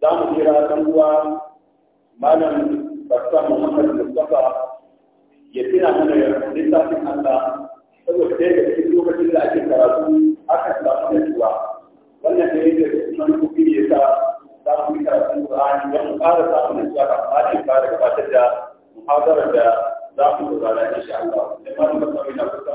za mu kira kan malam Bakta Muhammad Mustafa ya tuna mana ya littafin Allah saboda da cikin lokacin da ake karatu aka samu da wannan da yake da sunan kuɗi ne ta za mu yi da cewa da muhawarar da za mu Da malam Bakta na kusa.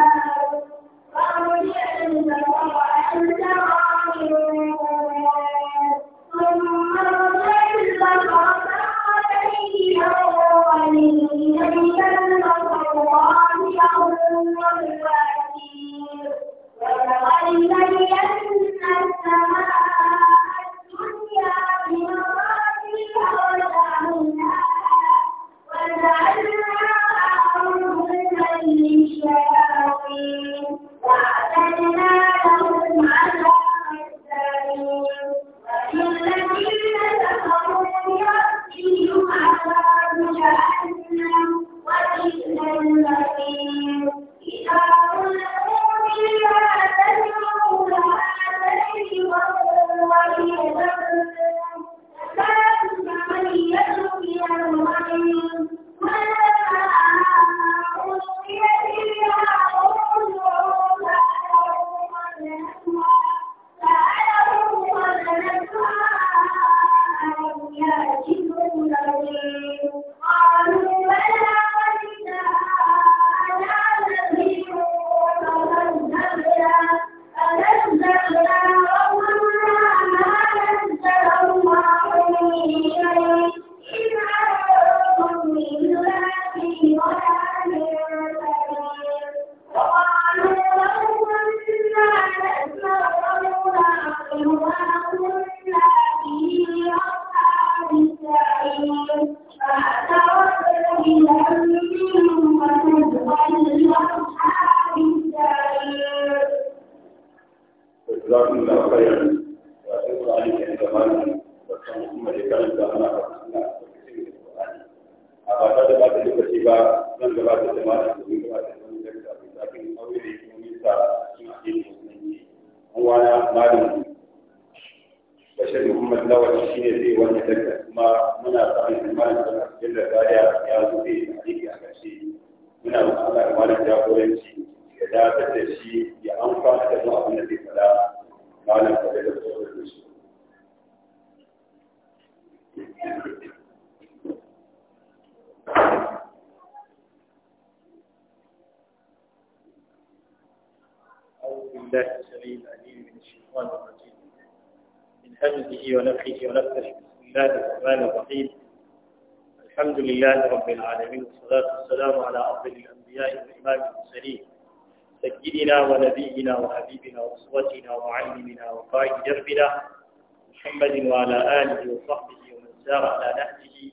العالمين والصلاة والسلام على أفضل الأنبياء والإمام المرسلين سيدنا ونبينا وحبيبنا وأسوتنا ومعلمنا وقائد دربنا محمد وعلى آله وصحبه ومن سار على نهجه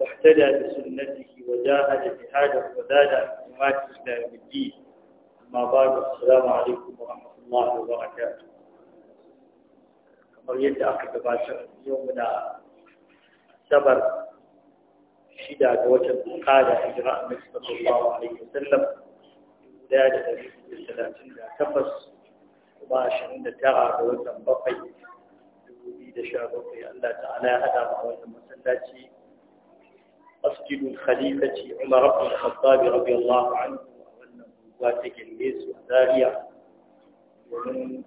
واحتدى بسنته وجاهد جهاده وزاد معلوماته الإسلام الدين أما بعد السلام عليكم ورحمة الله وبركاته كما يدعى aka gabatar يومنا muna حدى وجب قال إجراء صلى الله عليه وسلم ذات نبيه بسلاسين لا تفس وباش شعين تغى بوزن بقي وبيد شعب بقي ألا تعالى أدام وزن مسلاتي أسجد الخليفة عمر بن الخطاب رضي الله عنه واتك الميز وذاليا ومن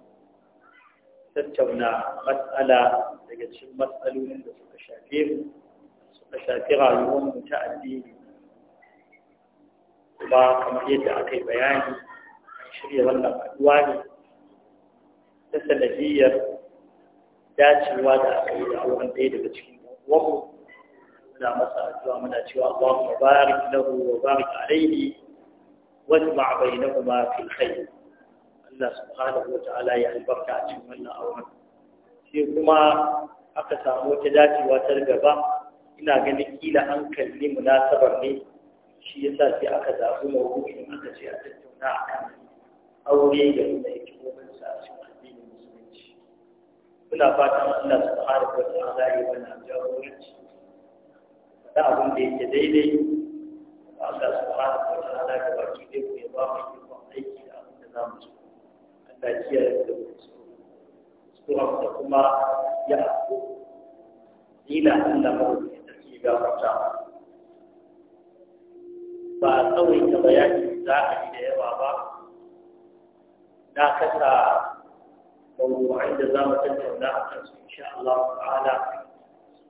تتونا مسألة لقد شو مسألون لسوك da shafi rayuwarmu mu ta addini ba kamar yadda aka yi bayani an shirya wannan haɗuwa ne ta sanadiyyar dacewa da aka yi da auren ɗaya daga cikin uwanmu muna masa addu'a muna cewa Allahumma barik lahu wa barik alayhi wajma' bainahuma fil khair Allah subhanahu wata'ala ya albarka a cikin wannan auren sai kuma aka samu wata dacewa ta gaba ina ganin kila an kalli munasabar ne shi ya sa sai aka zaɓi mawuyin aka ce a tattauna a kan aure da kuma hikimomin sa a cikin addinin musulunci muna fatan Allah subhanahu wa ta'ala ya wannan jagoranci da abin da yake daidai Allah subhanahu wa ta'ala ga baki dai ku ya ba mu ikon aiki da abin da za mu so Allah ya kiyaye da mu so so kuma ya afu ila Allah mawuyin ba a tsawaita bayani za a yi da yawa ba na kasa mawuwa'in da za mu tattauna a kan insha Allah ta'ala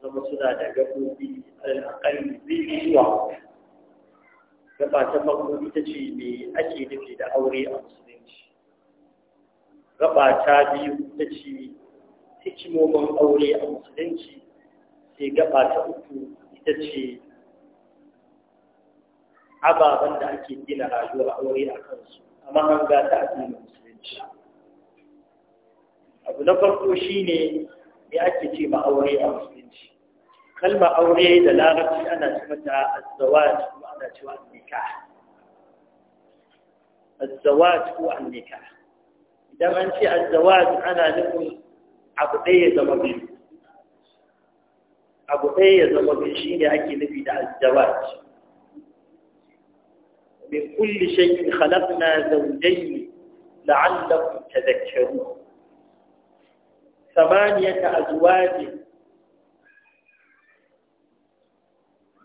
zama suna da gabobi al'akari biyu zuwa gaba ta ita ce me ake nufi da aure a musulunci gaba ta biyu ita ce hikimomin aure a musulunci sai gaba ta uku ita ce ababen da ake gina rayuwar aure a kansu a mahanga ta addinin musulunci abu na farko shine me ake ce ma aure a musulunci kalma aure da larabci ana ce mata azzawaj ko ana ce wa nikah azzawaj ko annikah idan an ce azzawaj ana nufin abu ɗaya zama biyu abu ɗaya ya zama bin shi ne ake nufi da azzawaj min kulli shay'in khalaqna zawjayn la'allakum tadhakkarun ثمانية أزواج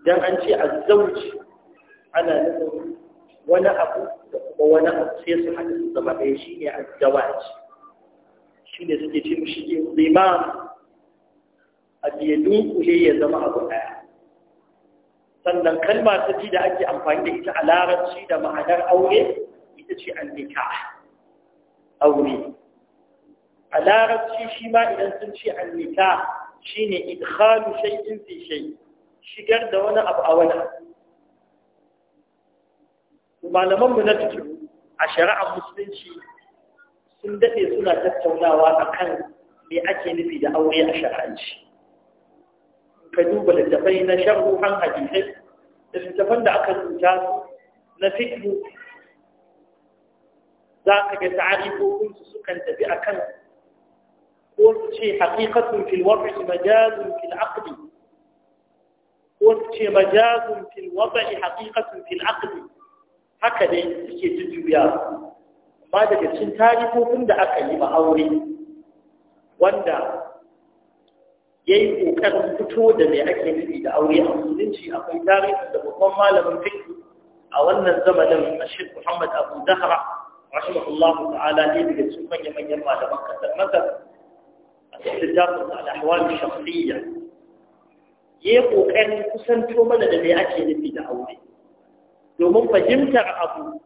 dan an ce azzauji ana nufin wani abu da kuma wani abu sai su haɗa su zama ɗaya shi ne azzawaji shi ne suke ce mishi imam abu ya dunkule ya zama abu ɗaya sannan kalma ta ci da ake amfani da ita a larabci da ma'anar aure ita ce annika aure a larabci shi ma idan sun ce annika shi ne idhalu shay'in fi shai, shigar da wani abu a wani malaman malamanmu na tutu a shari'ar musulunci sun daɗe suna tattaunawa a kan me ake nufi da aure a shari'anci ka duba littafai na sharhuhan hadisai da littafan da aka rubuta na fiƙi za ka ga ta'arifofinsu sukan tafi a kan ko su ce haƙiƙatun fil wafi majazun fil aqdi ko su ce majazun fil haƙiƙatun fil haka dai suke jujjuya amma daga cikin tarifofin da aka yi ba aure wanda ya yi ƙoƙarin fito da mai ake nufi da aure a musulunci akwai tarihin da babban malamin fiƙi a wannan zamanin ashir muhammad abu zahra rahimahullahu ta'ala ne daga cikin manyan manyan malaman kasar masar a cikin littafin al'ahwal shakhsiyya ya yi ƙoƙarin kusanto mana da mai ake nufi da aure domin fahimtar abu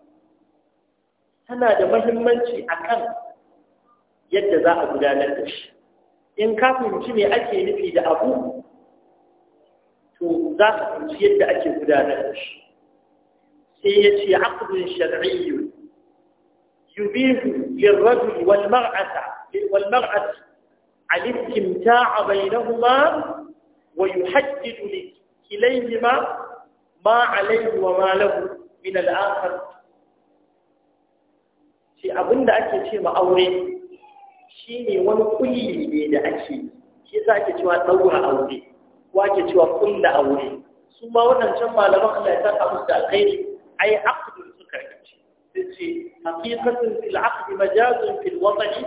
tana da mahimmanci akan yadda za a gudanar da shi in ka fahimci me ake nufi da abu to za ka fahimci yadda ake gudanar da shi sai ya ce aqdun shar'iyyun yubihu lirrajul wal mar'ata wal mar'ati الاستمتاع بينهما ويحدد لكليهما ما عليه وما له من الآخر في أبن أكي في مأوري shi ne wani kulli ne da ake shi za ake cewa ɗaura aure ko ake cewa kulla aure su ma wannan can malaman Allah ya saka musu da alkhairi ai aqdun suka rikice sai ce haqiqatun fil aqdi majazun fil wata'i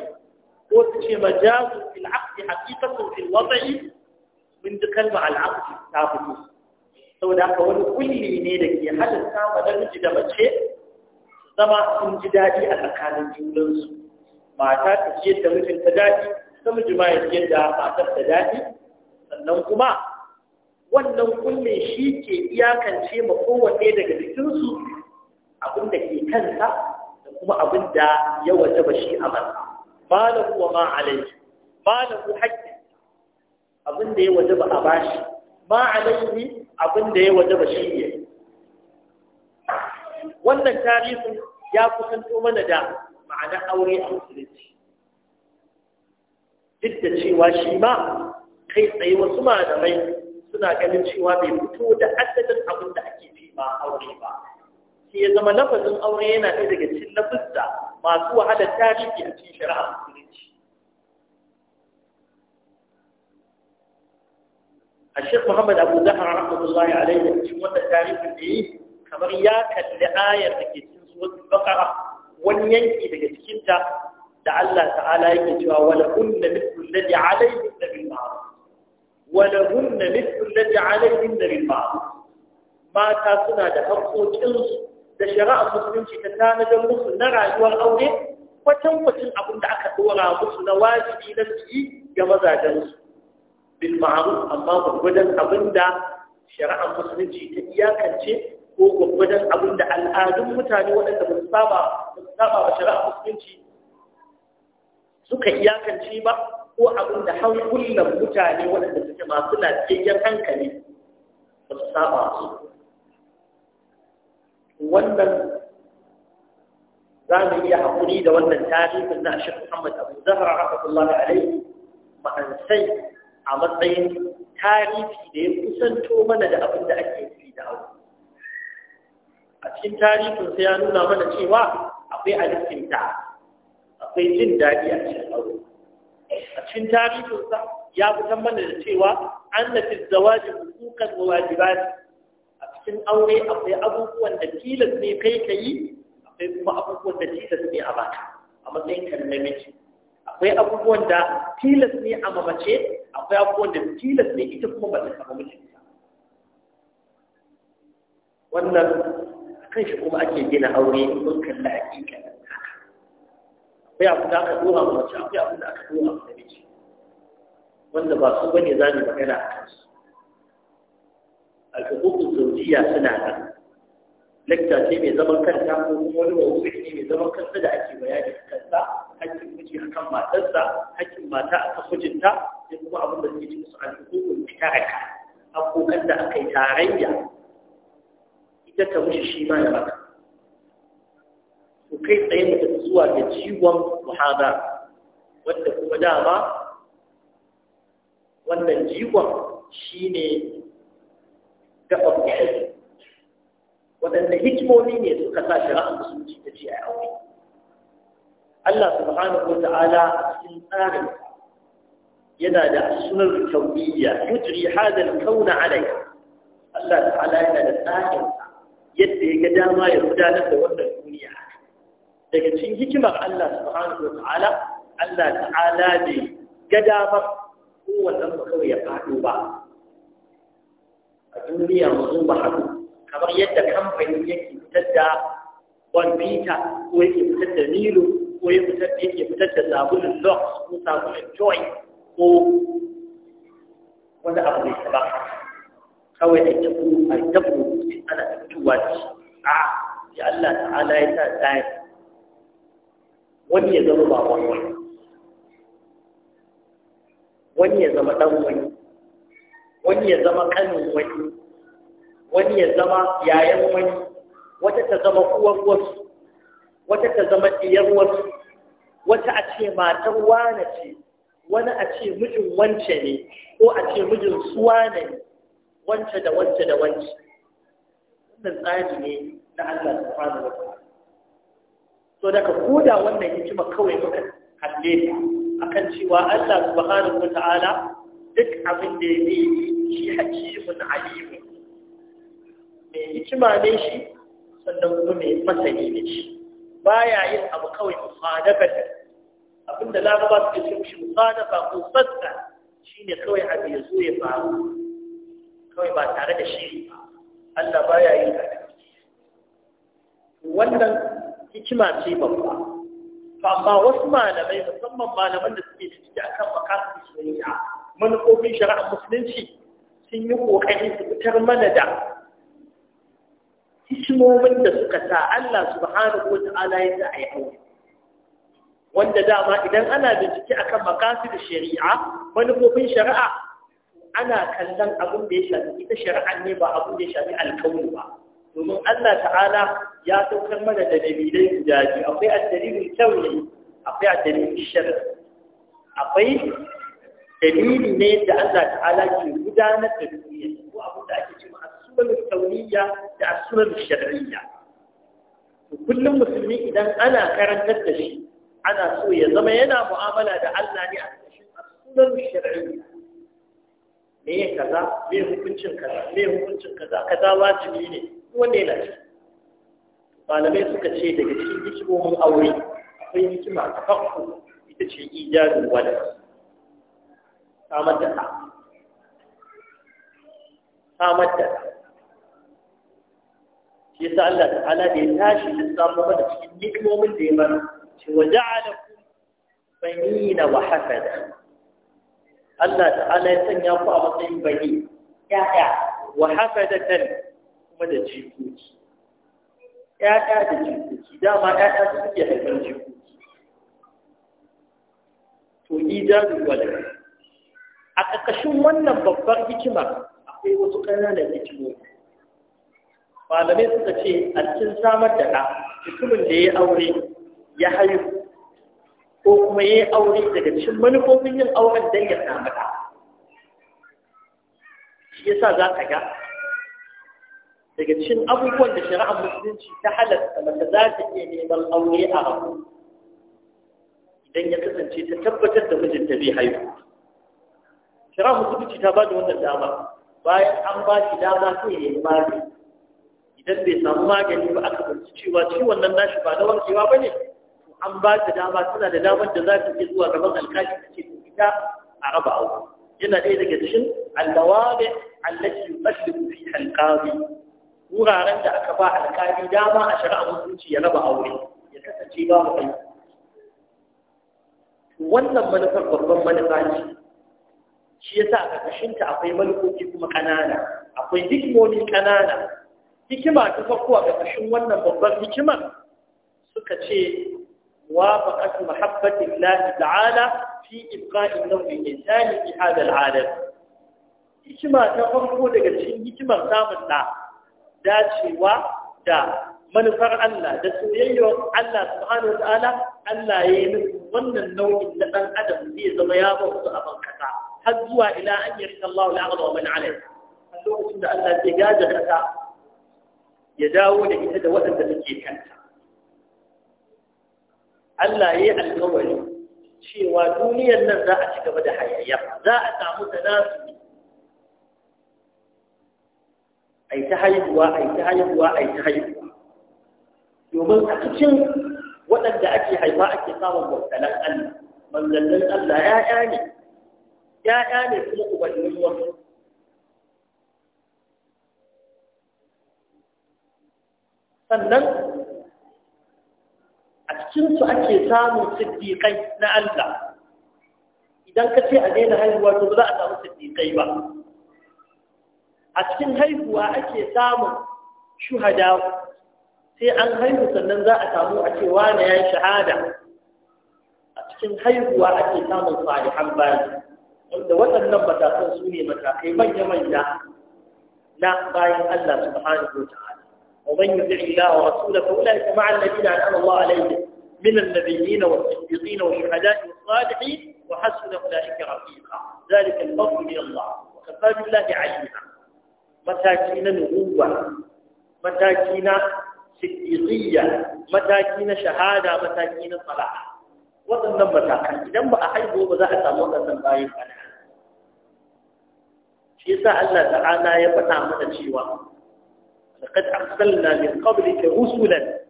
ko su ce majazun fil aqdi haqiqatun fil wata'i mun ji kalma al aqdi ta fito saboda haka wani kulli ne da ke halatta ma miji da mace zama sun ji daɗi a tsakanin junansu mata ta ciyar mutum mijinta daɗi namiji ma ya ciyar da matar ta daɗi sannan kuma wannan kullum shi ke iyakance ma kowanne daga jikinsu abin da ke kansa da kuma abin da ya ba shi a mana. ba da kuwa ma alaiki, ba da ku haƙƙi abin da ya ba a bashi ma alaihi abin da ya ba shi ne wannan tarihin ya kusanto mana da ma'ana aure a musulunci duk da cewa shi ma kai tsaye wasu malamai suna ganin cewa bai fito da asalin abin da ake fi ba aure ba sai ya zama lafazin aure yana ɗaya daga cikin lafazza masu wahalar tarihi a cikin shari'a musulunci الشيخ محمد أبو tarihin da tarihin da yi kamar ya kalli ayar da ke cikin wasu البقرة wani yanki daga cikinta da Allah ta'ala yake cewa wala kunna mithlu alladhi alayhi bil ma'ruf wala kunna mithlu alladhi alayhi bil ma'ruf mata suna da haƙoƙin da shari'a musulunci ta tanadar musu na rayuwar aure kwatan kwacin abin da aka dora musu na wajibi na su ga mazajensu bil ma'ruf amma gurgudan abin da shari'ar musulunci ta iyakance ko gwagwadon abin da al'adun mutane waɗanda ba su saba ba su saba ba shari'a musulunci suka iyakance ba ko abin da hankulan mutane waɗanda suke masu lafiyayyen hankali ba su saba su wannan za mu iya haƙuri da wannan tarihin na shi Muhammad Abu Zahra rahmatullahi alaihi ma'ansai a matsayin tarihi da ya kusanto mana da abin da ake yi da abu a cikin tarihin sai ya nuna mana cewa akwai ta, akwai jin daɗi a cikin aure a cikin tarihin sa ya fitar mana da cewa an na fi zawaji hukukan wa wajibati a cikin aure akwai abubuwan da tilas ne kai ka yi akwai kuma abubuwan da tilas ne a baka a matsayin ka namiji akwai abubuwan da tilas ne a mamace akwai abubuwan da tilas ne ita kuma ba ta samu mijinta wannan kan shi kuma ake gina aure mun kalli hakika akwai abu da aka dora mu mace akwai abu da aka dora mu namiji wanda ba su bane za mu magana a kansu alhukukun zaujiya suna nan lakta ce mai zaman kanta ko kuma wani wani ne mai zaman kanta da ake bayani a kansa hakkin miji a kan matarsa hakkin mata a kan mijinta sai kuma abin da suke cikin su alhukukun taraka Akwai da aka yi tarayya ita ta mushi shi ma ya maka to kai tsaye mutum zuwa da ciwon muhada wanda kuma dama wannan jiwon shi ne gaban mutum waɗanda hikimomi ne suka sa su musulunci ta ce a aure Allah subhanahu wa ta'ala a cikin tsarin yana da sunan tawbiyya yujri hadal kauna alai Allah ta'ala yana da tsarin sa yadda ya ga dama ya gudanar da wannan duniya daga cikin hikimar Allah subhanahu wata'ala Allah ta'ala bai ga damar kowanne mu kawai ya faɗo ba a duniya mu ba haɗu kamar yadda kamfani yake fitar da kwamfuta ko yake fitar da nilo ko ya yake fitar da sabulun lox ko sabulun joy ko wani abu mai kawai a tabu a tabu ana tuwa da shi a ya Allah ta'ala ya sa tsaye wani ya zama ba wani wani ya zama dan wani wani ya zama kanin wani wani ya zama yayan wani wata ta zama uwar wasu wata ta zama diyar wasu wata a ce matar wane ce wani a ce mijin wance ne ko a ce mijin suwa ne wance da wance da wance wannan tsari ne na Allah subhanahu wa ta'ala to daga koda wannan hikima kawai muka kalle ta akan cewa Allah subhanahu wa ta'ala duk abin da ya shi hakimun alim ne hikima ne shi sannan kuma mai masani ne shi baya yin abu kawai musadafatan abinda laraba suke ce shi musadafa ko fasta shine kawai abu ya zo ya faru kawai ba tare da shiri ba Allah baya yin haka wannan hikima ce babba to amma wasu malamai musamman malaman da suke ciki akan makasin shari'a manufofin shari'ar musulunci sun yi kokari su fitar mana da hikimomin da suka sa Allah subhanahu Ta'ala ya sa ai aure wanda dama idan ana bincike akan makasin shari'a manufofin shari'a ana kallon abin da ya shafi ita shari'a ne ba abin da ya shafi alkauni ba domin Allah ta'ala ya saukar mana da dalilai guda biyu akwai addalilin kyauni akwai addalilin shari'a akwai dalili ne da Allah ta'ala ke gudanar da duniya ko abin da ake cewa as-sunan kauniyya da as-sunan shar'iyya kullum musulmi idan ana karantar da shi ana so ya zama yana mu'amala da Allah ne a cikin as-sunan me kaza me hukuncin kaza me hukuncin kaza kaza wajibi ne wanda yana ci malamai suka ce daga cikin hikimomin aure akwai hikima ta farko ita ce ijazin wadda samar da ta samar da ta shi yasa Allah ta'ala da ya tashi da samu mana cikin hikimomin da ya bar shi wa ja'alakum banina wa hasada Allah ta'ala ya sanya ku a matsayin bani ya'ya wa tan kuma da jikoki ya'ya da jikoki dama ya'ya su suke haifar jikoki to ijazu wala a ƙarƙashin wannan babbar hikima, akwai wasu ƙananan hikimomi malamai suka ce a cikin samar da ɗa mutumin da ya aure ya haihu ko kuma ya yi aure daga cikin manufofin yin auren don ya samu ɗa shi yasa za ka ga daga cikin abubuwan da shari'ar musulunci ta halatta mata za ta iya neman aure a abu idan ya kasance ta tabbatar da mijinta zai haihu shari'ar musulunci ta ba da wannan dama bayan an ba shi dama sai ya yi magani idan bai samu magani ba aka fahimci cewa ciwon nan nashi ba na warkewa ba ne an ba ta dama suna da damar da za ta ke zuwa gaban alkali ta ce ita a raba aure yana ɗaya daga cikin allawabe allati yusallu fi alqadi wuraren da aka ba alkali dama a shari'a musulunci ya raba aure ya kasance ba mu kai wannan manufar babban manufa ce shi yasa a ƙarƙashinta akwai manufofi kuma ƙanana akwai hikimomi ƙanana hikima ta farko a ƙarƙashin wannan babban hikimar suka ce وافقت محبة الله تعالى في إبقاء النوم الإنسان في هذا العالم hikima ta farko daga cikin hikimar samun na dacewa da manufar Allah da soyayyar Allah subhanahu wa ta'ala Allah ya yi nufi wannan nau'in na ɗan adam zai zama ya ba su a bankasa har zuwa ila an yi rikin wa man alai a lokacin da Allah zai gaja ya dawo da ita da waɗanda suke kanta Allah ya yi alƙawari cewa duniyar nan za a ci gaba da hayayya za a samu tanasu ai ta haihuwa ai ta haihuwa ai ta haihuwa domin a cikin waɗanda ake haifa ake samun bautalan Allah manzannin Allah ya'ya ne ya'ya ne kuma ubannin wasu sannan cikinsu ake samun siddiƙai na Allah idan ka ce a daina haihuwa to ba za a samu siddiƙai ba a cikin haihuwa ake samun shuhada sai an haihu sannan za a samu a ce wane ya shahada a cikin haihuwa ake samun salihan bayi wanda waɗannan matakan su ne matakai manya-manya na bayan Allah subhanahu wa ta'ala ومن يطع الله ورسوله فاولئك مع الذين انعم الله عليهم من النبيين والصديقين والشهداء والصالحين وحسن أولئك رفيقا ذلك الفضل من الله وكفى بالله عليما متاكين نبوة متاكين صديقية متاكين شهادة متاكين صلاح وظن متاكا إذن ما أحيبه بذاعة الله أن بايب أنا في ساعة الله تعالى يبنى من الشيوان لقد أرسلنا من قبلك رسلا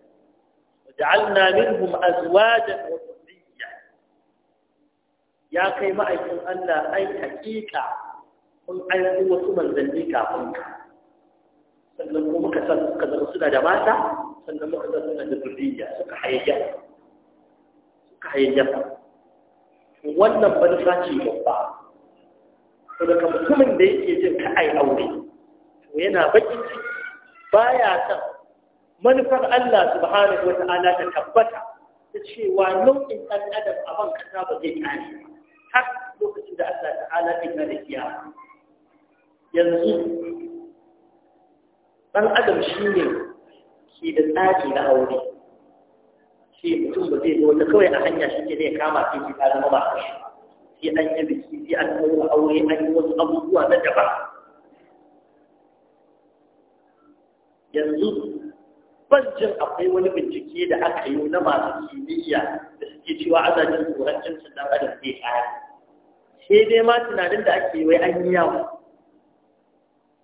ja'alna minhum azwajan wa dhurriyya ya kai ma'aikin Allah ai hakika kun aiko wasu manzanni kafin ka sannan kuma muka san suka zama suna da mata sannan muka san suna da zurriya suka hayayya suka hayayya wannan manufa ce babba to daga mutumin da yake jin ka ai aure to yana bakin ciki baya san manufar Allah subhanahu wa ta'ala ta tabbata ta cewa nau'in ɗan adam a ban kasa ba zai kare har lokacin da Allah ta'ala ta yi da yanzu ɗan adam shi ne ke da tsari na aure shi mutum ba zai zo wata kawai a hanya shi ke zai kama ke ke ta zama ba shi sai an yi biki sai an kawo aure an yi wasu abubuwa na daban yanzu banjin akwai wani bincike da aka yi na masu kimiyya da suke cewa ana jin tsoron su dan adam zai kaya sai dai ma tunanin da ake yi wai an yi yawa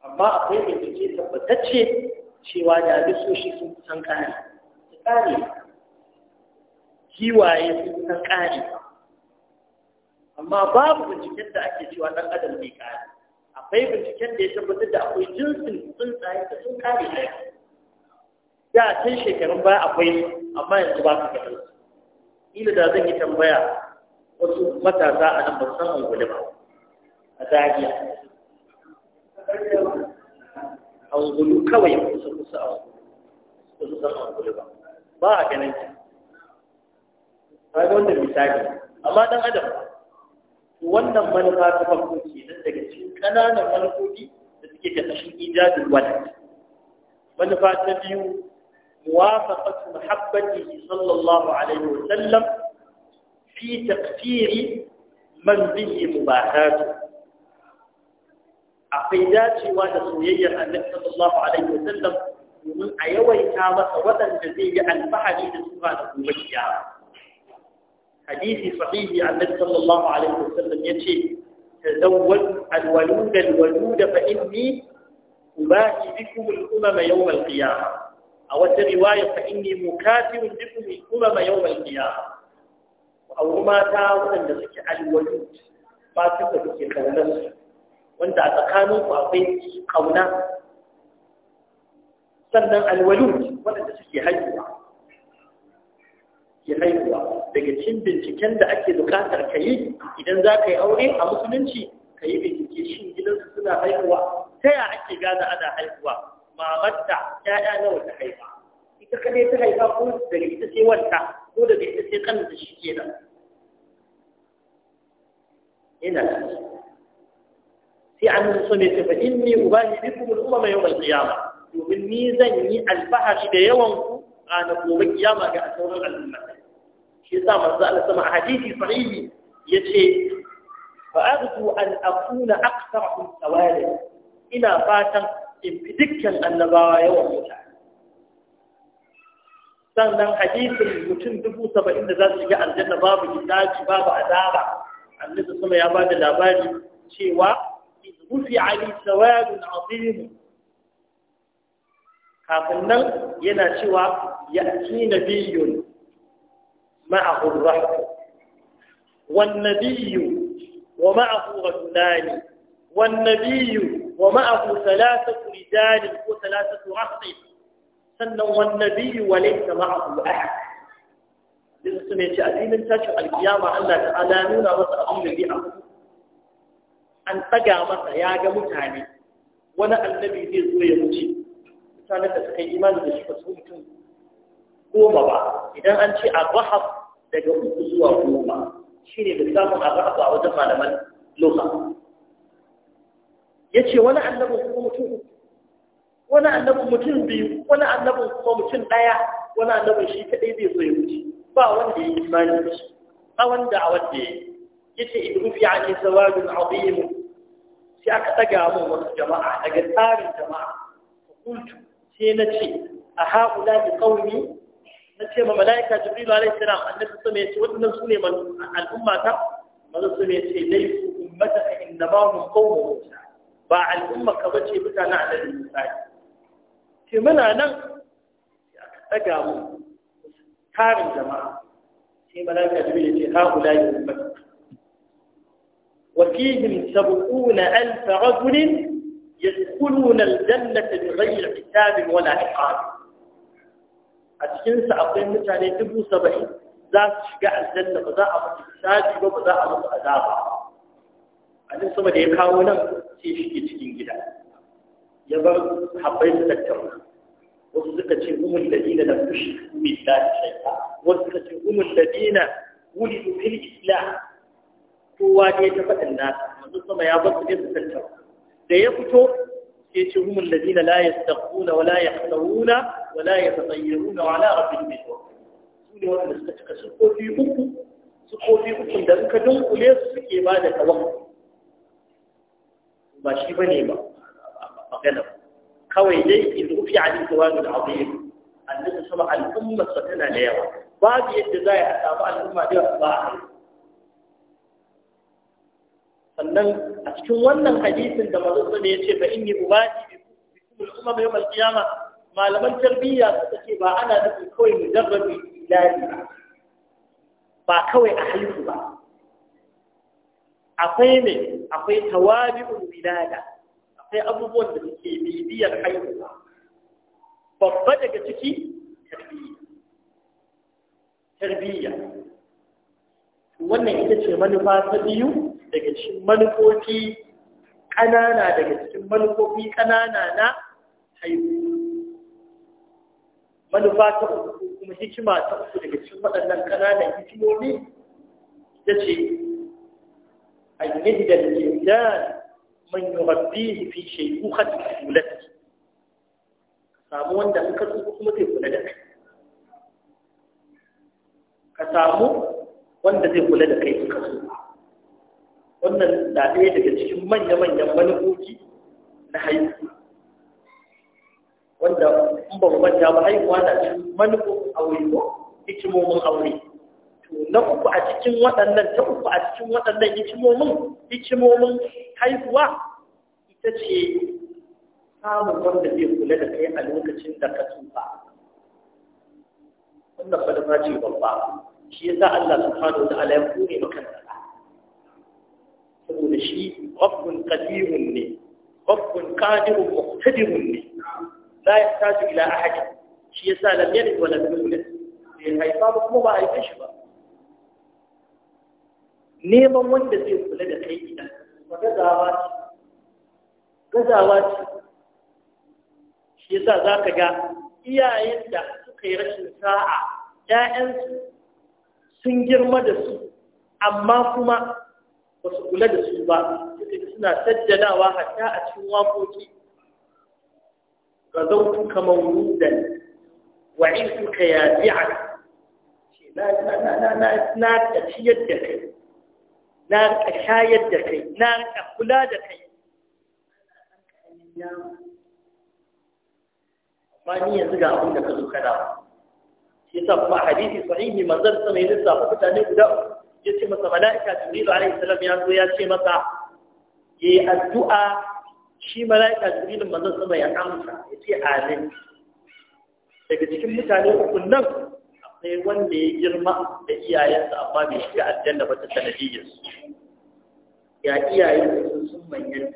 amma akwai bincike tabbatacce cewa da shi sun kusan kare su kare kiwaye sun kusan kare amma babu binciken da ake cewa dan adam bai kare akwai binciken da ya tabbatar da akwai jinsin tsuntsaye da sun kare ɗaya da can shekarun baya akwai amma yanzu ba su gaba ila da zan yi tambaya wasu matasa a nan musamman san ba a A angulu kawai kusa kusa angulu kusa san anguli ba ba a ganin ta ba ga wanda misali amma dan adam wannan manufa ta farko ke nan daga cikin ƙananan manufofi da suke da ƙashin ijadin wadanda manufa ta biyu وافقت محبته صلى الله عليه وسلم في تقدير من به مباحاته عقيدات وانا سويا النبي صلى الله عليه وسلم ومن ايوي كاما سوطا جزي عن فحديث سبحانه وتعالى حديث صحيح عن النبي صلى الله عليه وسلم يتي تزوج الولود الولود فاني أباهي بكم الأمم يوم القيامة أو الرواية فإني مكافر بكم الأمم يوم القيامة أو auri تعاون لك suke ما تفعل في قولنا وانت أتقانوا وأعطيت قولنا سنة الولود وانت تسكي هجوة ke haihuwa daga cikin binciken da ake bukatar ka yi idan za ka yi aure a musulunci ka yi bincike shin gidansu suna haihuwa ta ya ake gane ana haihuwa mamarta ‘ya'ya nawa ta haifa ita kadai ta haifa ko daga ita sai wanta ko daga ita sai da shi ke nan ina sai an so ne ta fa'in ne ubahi bikum al'umma mai yawan kiyama domin ni zan yi alfahari da yawan ku ranar gobe kiyama ga sauran al'umma shi yasa manzo Allah sama a hadisi sahihi yace fa arju an akuna aktharuhum sawada ina fatan ifi dukkan annabawa yawan mutane sannan hadisin mutum dubu saba'in da za su shiga aljanna babu hidaji babu azaba annabi sama ya ba da labari cewa rufi ali sawadun azim kafin nan yana cewa ya ci nabiyun ma'ahu rahmu wan wa ma'ahu rajulani wan ومعه ثلاثة رجال وثلاثة رهط سنة والنبي وليس معه أحد لذلك ما يتأذين تاشو القيامة ألا تعالانون وتأذين بها أن تقع مسا ياغا متاني وانا النبي ذي زوية مجي متانة تسكي إيمان بشفة سمتون قوما با إذا أنت الرحب لقد أخذوا قوما شيني بسامة الرحب وعوزة مالما لغة ya ce wani annabin kuma mutum wani annabin mutum biyu wani annabin kuma mutum ɗaya wani annabin shi kaɗai zai so ya wuce ba wanda ya yi imani da shi ba wanda a wanda ya yi ya ce idan rufi a ne zawajin sai aka ɗaga min wasu jama'a daga tsarin jama'a kultu sai na ce a haƙula da kauni na ce ma mala'ika jibrilu alaihi salam annabi sama ya ce waɗannan su ne al'ummata maza su ne ce laifu ummata inna ma mu kauna mutane ba al'umma ka bace mutane a nan misali ce muna nan aka daga mu tarin jama'a sai malaka jibril ya ce haula yi ummati وفيهم سبقون ألف رجل يدخلون الجنة بغير حساب ولا عقاب أتكنس أقيم متعني دبو سبعين ذات شقاء الجنة بذاء متحساب وبذاء متعذاب annabi sama da ya kawo nan sai shige cikin gida ya bar habbai su tattauna wasu suka ce umul ladina lam yushriku billahi shay'a wasu suka ce umul ladina wulidu fil islam kowa ne ta faɗin nasa manzo sama ya bar su ne su tattauna da ya fito sai ce humul ladina la yastaghuna wa la yahdawuna wa la yatatayyaruna wa la rabbihim yatawakkal su ne wanda suka cika sukofi uku sukofi uku da suka dunkule su suke ba da tawakkali ba shi ba ne ba magana kawai dai in ufi a cikin wani da abu yi yin annabi sama al'umma sa tana da yawa babu yadda za a samu al'umma da yawa ba a sannan a cikin wannan hadisin da manzo ne ya ce fa inni ubati bi kulli kuma mai al-qiyamah malaman tarbiyya suka ce ba ana nufin kawai mujarrabi ilahi ba kawai a haihu akwai ne akwai tawabi'ul wilada akwai abubuwan da suke bibiyar haihuwa babba daga ciki tarbiyya tarbiyya wannan ita ce manufa ta biyu daga cikin manufofi ƙanana daga cikin manufofi ƙanana na haihuwa manufa ta uku kuma hikima ta uku daga cikin waɗannan ƙananan hikimomi ita ce أن يجد الإنسان من يربيه في شيخوخة طفولته samu wanda suka tsufa kuma zai kula da kai ka samu wanda zai kula da kai suka tsufa wannan da ɗaya daga cikin manya-manyan manufofi na haihuwa wanda in ba mu manta ba haihuwa na cikin manufofin aure ko hikimomin aure na uku a cikin waɗannan ta uku a cikin waɗannan hikimomin hikimomin haihuwa ita ce samun wanda zai kula da kai a lokacin da ka tsufa wannan fadama ce babba shi yasa Allah subhanahu wa ta'ala ya kore maka da saboda shi rabbun qadirun ne rabbun qadirun muqtadirun ne la yahtaju ila ahad shi yasa lam yalid wa lam yulad bai haifa ba kuma ba a yi shi ba neman wanda zai kula da kai idan gazawa ce gazawa ce shi yasa za ka ga iyayen da suka yi rashin sa'a ‘ya'yansu sun girma da su amma kuma ba su kula da su ba suna sajjadawa hatta a cikin waƙoƙi ga ka mawudan wa'in suka yazi'a na na na kai na rika shayar da kai na rika kula da kai Ba ni yanzu ga abin da ka zo kana shi yasa kuma hadisi sahihi manzon sama ya lissafa mutane guda ya ce masa mala'ika jibril alaihi salam ya zo ya ce masa yayi addu'a shi mala'ika jibril manzon sama ya amsa ya ce amin daga cikin mutane uku nan sai wanda ya girma da iyayensa amma bai shiga aljanna ba ta sanadiyyarsu ya iyayensa sun manyan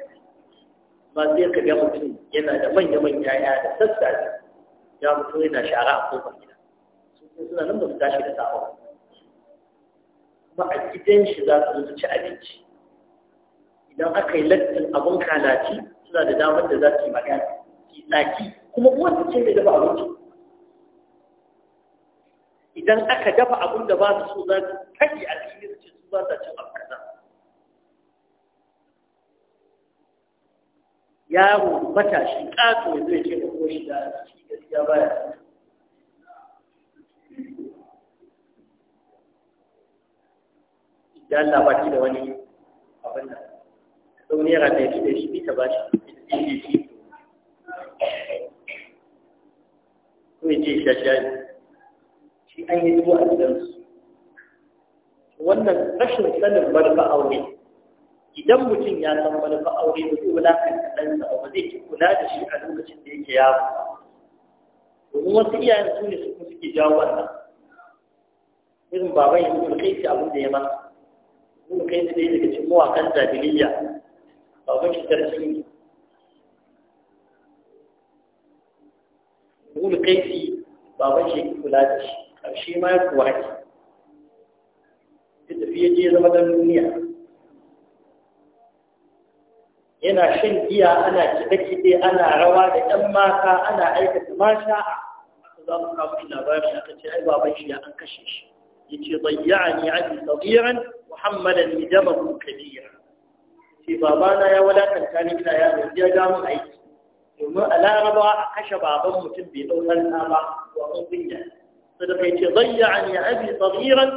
ba zai ka ga mutum yana da manya-manya ya da sassafe ya mutum yana shara a kofar gida sun suna nan ba su tashi da sawa kuma a gidan shi za su ci abinci idan aka yi lattin abin kalaci suna da damar da za su yi magana ki tsaki kuma kuma su ce mai dafa abinci idan aka dafa abun da ba su so za su kaji a cikin su ce su ba sa cin abu kaza yaro matashi ƙato zai ce da koshi da shi gaskiya baya ya Allah ba da wani abin nan sau naira da shi da shi bisa ba shi ne shi ko shi shi an yi zuwa a gidansu wannan rashin sanin manufa aure idan mutum ya san manufa aure ba zai wulakanta kaɗansa ba zai ki kula da shi a lokacin da yake yaro domin wasu iyayen su ne su suke jawo wannan irin baban yanzu da kai shi abin da ya ba mun kai shi daga cikin mawakan jabiliya baban shi tarci mun kai shi baban shi kula da shi ƙarshe ma ya kuwa ake ya tafi ya je zama ɗan duniya yana shan giya ana kiɗe-kiɗe ana rawa da ƴan mata ana aikata masha'a aka za mu kawo shi labari aka ce ai baban shi ya an kashe shi ya ce zayya'ani abi sabiran muhammadan nidamahu kabira ce babana ya wadatanta ni ina yaro ya ga mun aiki domin a laraba a kashe baban mutum bai ɗaukar ta ba wa kun kunya sadaka yace dayya'ani abi saghiran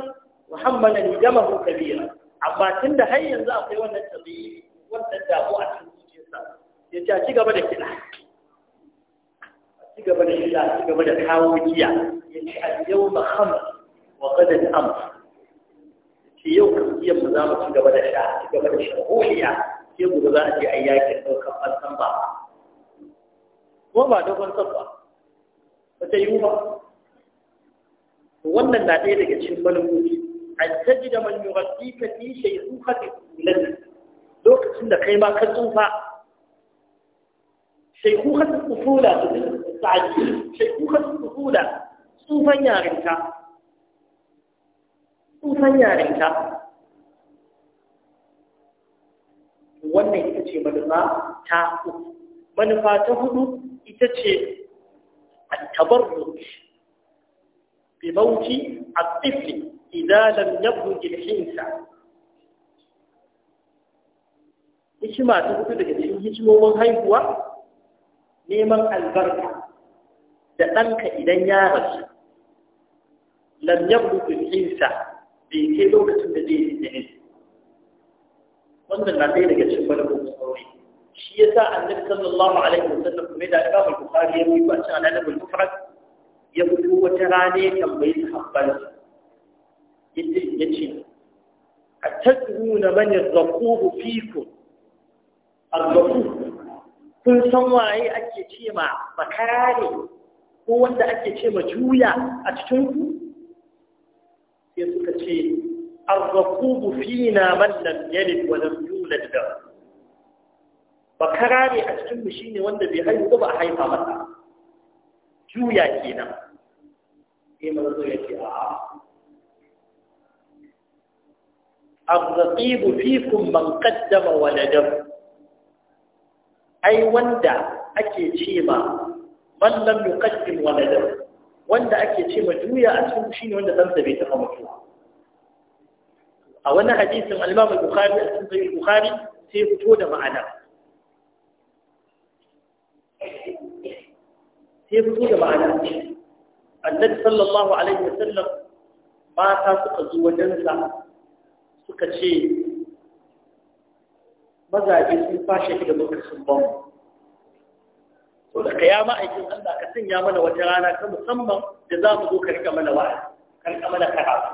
wa hammalani damahu kabira amma tunda har yanzu akwai wannan tabi, wannan damu a cikin zuciyarsa yace a ci gaba da kida a ci gaba da kida a ci gaba da kawo giya yace al-yawma khamr wa qad al-amr yace yau kan giya mu za mu ci gaba da sha ci gaba da shahuliya sai gobe za a je a yakin ɗaukar fansan ba kuma ba dogon sabba ba ta yi ba wannan na ɗaya daga cikin manufofi an taji da man yuraddi ka fi shaidu haɗe kulan lokacin da kai ma ka tsufa shaiku haɗe kufula su sa'adi kuka haɗe kufula tsufan yarinta tsufan yarinta wannan ita ce manufa ta uku manufa ta hudu ita ce التبرج بموت الطفل إذا لم يبلغ الحنسة hikima ta fito daga cikin hikimomin haihuwa neman albarka da ɗanka idan ya rasu lam yabdu insa bai kai lokacin da zai wannan na ɗaya daga cikin balibin sauri shi yasa annabi sallallahu alaihi wasallam kuma da Imam Bukhari ya yi ba shi a lalabul mufrad ya fito wata rana ya tambayi sahabban yace yace atadruna man yarqubu fikum arqabu kun san waye ake ce ma makare ko wanda ake ce ma juya a cikin ku sai suka ce arqabu fina man lam yalid wa lam yulad da bakara ne a cikin mu shine wanda bai haihu ba a haifa masa juya kenan sai manzo ya ce a abdaqibu fikum man qaddama waladahu ai wanda ake cewa man lam yuqaddim waladahu wanda ake cewa duya a cikin shine wanda dan bai taba mutu a wannan hadisin al-Imam al a cikin sahih Bukhari sai fito da ma'ana annabi sallallahu alaihi wasallam mata suka zo sa suka ce mazaje sun fashe ki da baka sun ban to da kayama aikin Allah ka sanya mana wata rana ta musamman da za mu zo ka rika mana wa'azi ka rika mana karatu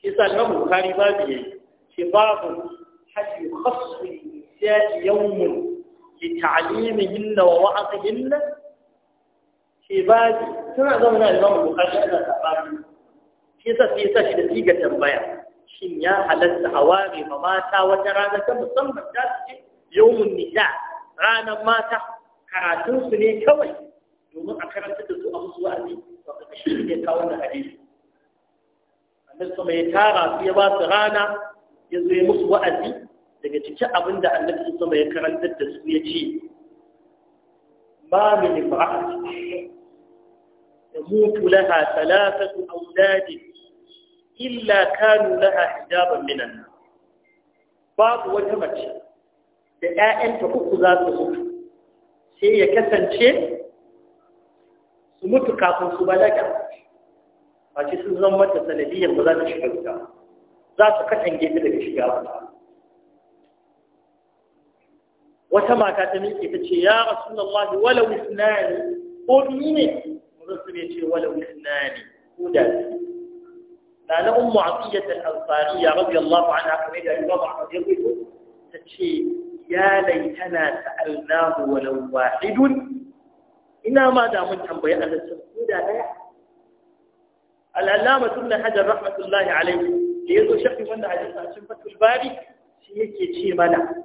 shi sa nan ba babu shi babu hajji khassu ya yawmun لتعليمهن ووعظهن في بعض سنة زمن الإمام البخاري أنا سأقام كيسا سيسا شديقة تنبيع شن يا حلت هواري فماتا وترانا كمصمم ذات يوم النساء رانا ماتا كراتون سنين كوي domin a karanta da su a musu wa'azi to a shi ne kawo wannan hadisi annabi sama ya tara su ya ba su rana ya zo ya musu wa'azi daga cikin abin da annabi sama ya karantar da su ya ce ba min imra'at yamutu laha thalathatu awlad illa kanu laha hijaban minan babu wata mace da ƴaƴanta uku za su mutu sai ya kasance su mutu kafin su balaga a sun zama mata sanadiyar ba za ta shiga wuta za su katange ta daga shiga wuta wata mata ta miƙe ta ce ya rasulullahi wala wisnani ko ni ne mun su ne ce wala wisnani ko da na na ummu atiyat al-ansariya radiyallahu anha kamar da Imam Ahmad ya rubuta ta ce ya laitana sa'alnahu walau wahidun ina ma da mun tambayi Allah ko da daya al-allama ibn hajar rahmatullahi alayhi da yazo shafi wanda hadisi a cikin fatul bari shi yake ce mana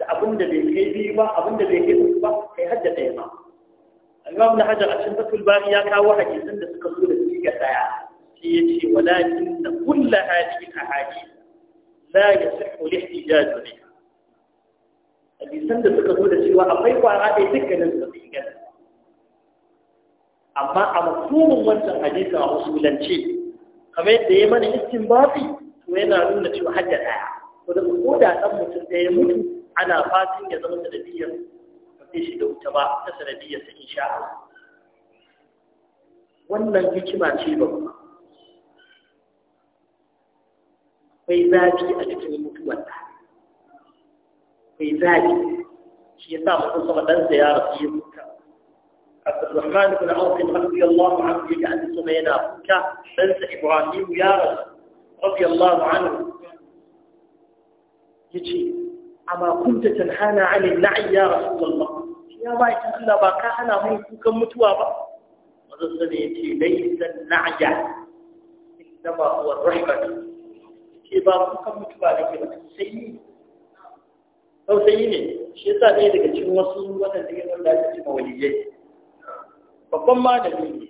da abinda bai kai biyu ba abin bai kai uku ba kai hajja ɗaya ma imam na hajar a cikin fatul bari ya kawo hadisin da suka zo da siga ɗaya shi ya ce walakin na kulla hadin a hadi la ya sahu lihtijaju ne hadisan da suka zo da cewa akwai kwara ɗaya dukkanin su bai gani amma a mafhumin wancan hadisi a musulunci kamar yadda ya mana istinbati to yana nuna cewa hajja ɗaya ko da ko da ɗan mutum ɗaya mutu ana fatan ya zama sanadiyar ba zai shiga wuta ba ta sanadiyar sa insha Allah wannan hikima ce babba akwai zafi a cikin mutuwar ta akwai zafi shi ya sa mutum sama ɗansa ya rasu ya mutu Abdulrahman ibn Auf رضي الله عنه يجعل سما ينافك سنس إبراهيم يا رسول رضي الله عنه يجي amma kunta tanhana anil la'i ya rasulullah ya ba kin Allah ba ka hana mun kukan mutuwa ba manzo sai ya ce laysa na'ya innama huwa rahmat ke ba kukan mutuwa da ke ba sai ni tausayi ne shi yasa ɗaya daga cikin wasu wannan da ya wanda ake cewa waliyai babban malami ne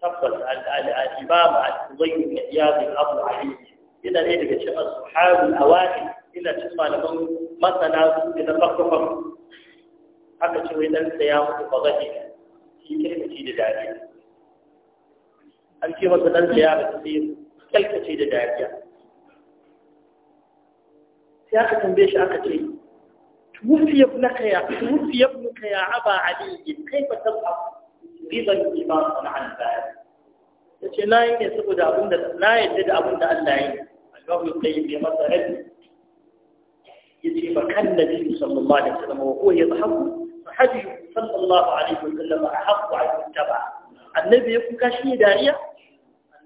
tabbas al-imam al-zubayr bin iyad al-abu ali yana ɗaya daga cikin a awali ina cikin malaman masana su da na farko farko aka ce wai dan saya mutu ba zai shi kirkaci da dariya an ce masa dan saya ba sai kirkaci da dariya sai aka tambaye shi aka ce توفي ابنك يا توفي ابنك يا أبا علي كيف تذهب رضا لباطا عن ذلك yace na yi ne saboda abin da na yadda da abin da Allah yi Allah ya kai bi masa rabi يجب كان النبي صلى الله عليه وسلم وهو يضحك فحدي صلى الله عليه وسلم أحق على المتبع النبي يكون كاشي دارية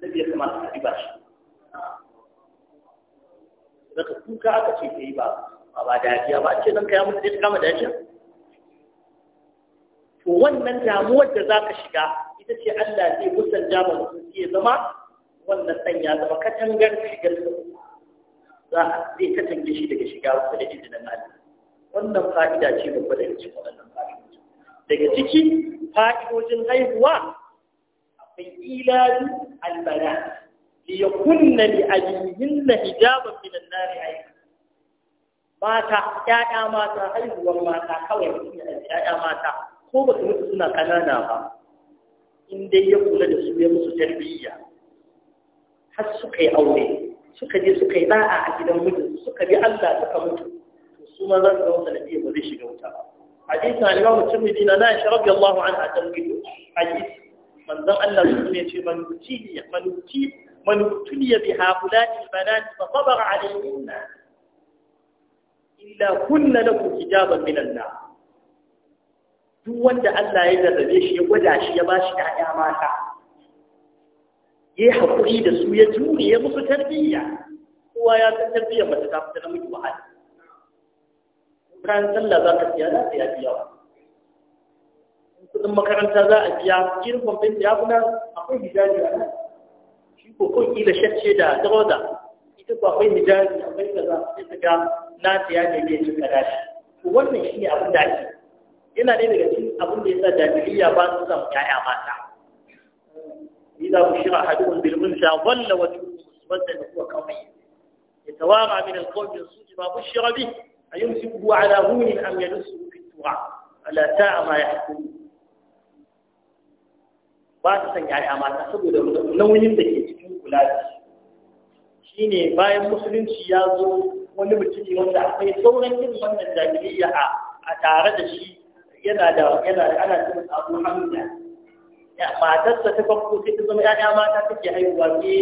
النبي كما تحدي باشي لك كوكا كاشي في باب أبا داكي أبا أتشي لنك يا مدريد كما داكي فوان من تعمو إذا شيء ألا زي وسل جامل وسل جامل وسل جامل وسل جامل وسل جامل وسل جامل وسل جامل وسل جامل وسل جامل وسل جامل وسل جامل وسل جامل وسل جامل وسل جامل za a zai katange shi daga shiga wasu da izinin Allah wannan fa'ida ce babba daga cikin wannan fa'idojin daga ciki fa'idojin haihuwa akwai ilari albara ليكن لأبيهن حجابا من النار أيضا mata ƴaƴa mata haihuwar mata kawai mutum ƴaƴa mata ko ba su mutu suna ƙanana ba in dai ya kula da su ya musu tarbiyya har suka yi aure suka je suka yi da'a a gidan mijin suka bi Allah suka mutu su ma za su zama sanadiyar ba zai shiga wuta ba hadisi na imamu tirmidhi na na shi rabbi Allahu an a tarbiyu hadisi manzon Allah su ne ce man tiliya man tiliya man tiliya bi haulati banati fa sabara alayhinna illa kunna lahu hijaban min an-nar duk wanda Allah ya jarrabe shi ya gwada shi ya bashi ƴaƴa mata ya haƙuri da su ya jure ya musu tarbiyya kowa ya san tarbiyya mace ta fita namiji wahala kayan sallah za ka siya za ka yafi yawa kudin makaranta za a biya girman bin ya kuna akwai hijabi a nan shi ko ko kila shacce da dawoda ita ko akwai hijabi akwai da za su ta ga na siya ne ne ta kada shi wannan shi ne abin da ake yana ɗaya daga cikin abin da ya sa jahiliya ba su samu ba mata إذا بشر أحدهم بالأنثى ظل وجهه مسودا وهو كظيم يتوارى من القوم من سوء ما بشر به أيمسكه على هون أم يدسه في التراب ألا ساء ما يحكم بعد سنة أمانة سبب نوين تكيت من كلاد شيني باي مسلم شيازو wani matarsa ta farko sai ta zama ‘ya'ya mata take haihuwa ke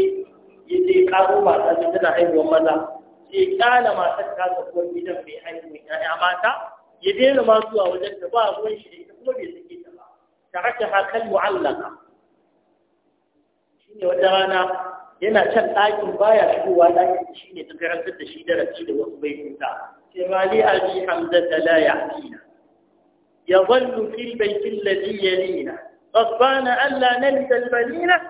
ya je karo mata ta tana haihuwar maza sai kyala matar ta sabuwar gidan mai haihuwa ‘ya'ya mata ya daina ma zuwa wajen da ba ruwan shi da ita kuma bai sake ta ba ta haka hakan mu'allaka shine wata rana yana can ɗakin baya shigowa ɗakin shi ne ta karantar da shi darasi da wasu bai kuta sai mali ali hamza ta la ya ya zallu fil baitin ladhi yalina غضبان ألا نلد البنينة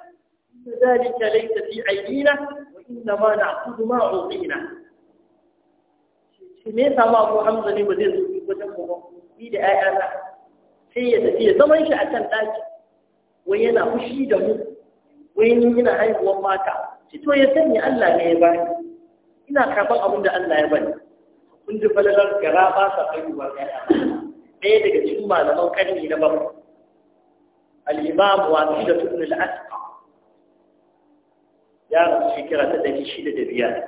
ذلك ليس في أيدينا وإنما نعبد ما عطينا me yasa ma ko Hamza ne ba zai zo wajen mu ba ni da ƴaƴana sai ya tafi ya zama shi a kan ɗaki wai yana fushi da mu wai ni ina haihuwar mata shi to ya sani Allah ne ya bani ina karɓar abin da Allah ya bani kun ji falalar gara ba sa haihuwa ɗaya ɗaya daga cikin malaman ƙarni na bakwai الإمام وامشدة بن الأسقى يا رب شكرا تدري شيء دبيان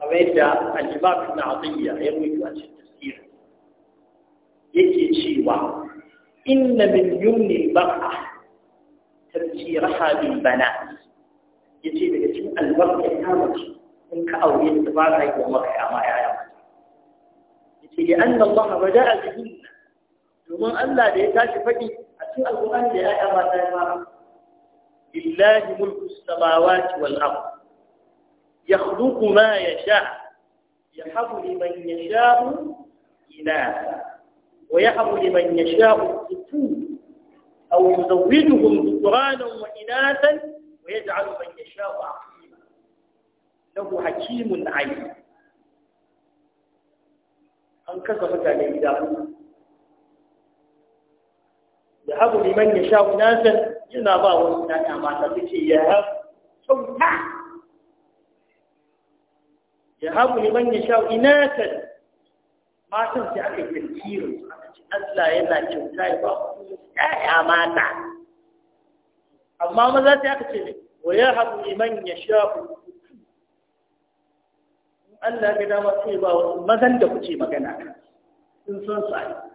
قبيل الإمام ابن عطية يروي عن التفسير يجي شيوا إن من يمن المرأة تبشيرها بالبنات يجي لك شيء البركة إنك أو يتبارك ومرحة ما يعلم يجي لأن الله بدأ به domin Allah da ya tashi faɗi a cikin alƙur'ani da ya yi ba ta yi fara lillahi mulku samawati wal ard yakhluqu ma yasha yahabu liman yasha'u inatha wa yahabu liman yasha'u dhukur aw yuzawwijuhum dhukranan wa inathan wa yaj'alu man yasha'u aqima lahu hakimun alim an kasa mutane gida uku ya habu liman ya sha unasan yana ba wani ɗaya mata su ce ya habu kyauta ya habu liman ya sha unasan matan sai aka yi tantirin Allah yana kyauta ya ba wasu ɗaya mata amma maza sai aka ce wa ya habu liman ya sha Allah ya ga dama sai ba wasu mazan da kuke magana kan sun san su a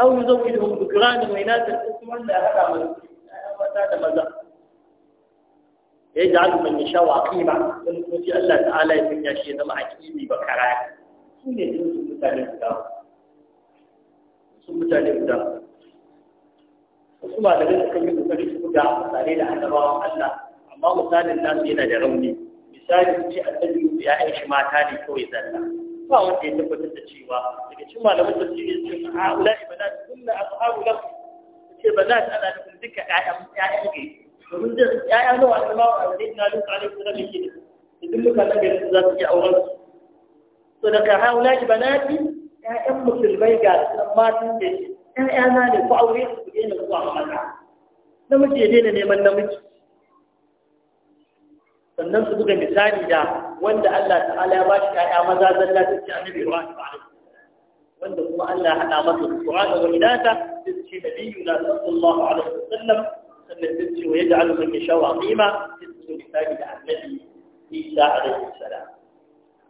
أو يزوجهم ذكرانا وإناثا اسم ولا هذا من هذا مزاج يجعل من يشاء عقيما ونسي الله تعالى يسمي شيء زما عقيمي بكرا شنو يجوز mutane guda sun mutane guda wasu malamai suka yi kokari su buga misalai da annabawan Allah amma misalin nasu yana da rauni misali su ce annabi ya yi shi mata ne kawai zalla ba wanda ya tabbatar da cewa daga cikin malaman tafsiri sun ce ha'ula ibanat kullu ashabu lahu ce ba banat ana nufin duka ƴaƴan ƴaƴan ne domin da ƴaƴa nawa annabawa a wajen na lokacin alaihi salam yake da idan muka nan garin za su iya auren su to daga ha'ula ibanati ƴaƴan musulmai ga sunan matan da ƴaƴa na ne ku aure su ku daina zuwa mata namiji ya daina neman namiji sannan su buga misali da wanda Allah ta'ala ya bashi ƴaƴa maza zalla ta ce annabi Ibrahim alaihi wanda kuma Allah ya hada masa Qur'ani wa hidayata ta ce nabiyuna sallallahu alaihi wasallam sannan da ce wa yaj'alu man yashau aqima ta ce misali da annabi Isa alaihi salam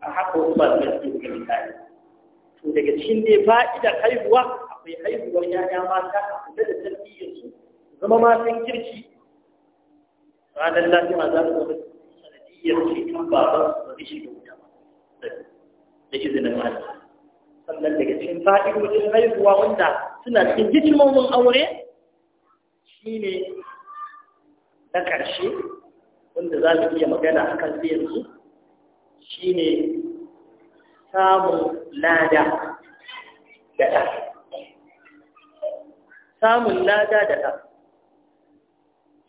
a haka Umar bin buga misali to daga cikin dai fa'idar haihuwa akwai haihuwar ƴaƴa mata a kula da tarbiyyarsu zama matan kirki ranar lafiya za su zama iya ceton baban su ba shi da wuta da izinin da sannan daga cikin fa'idojin haihuwa wanda suna cikin hikimomin aure ne na ƙarshe wanda za mu iya magana a kan yanzu shine samun lada da ɗa samun lada da ɗa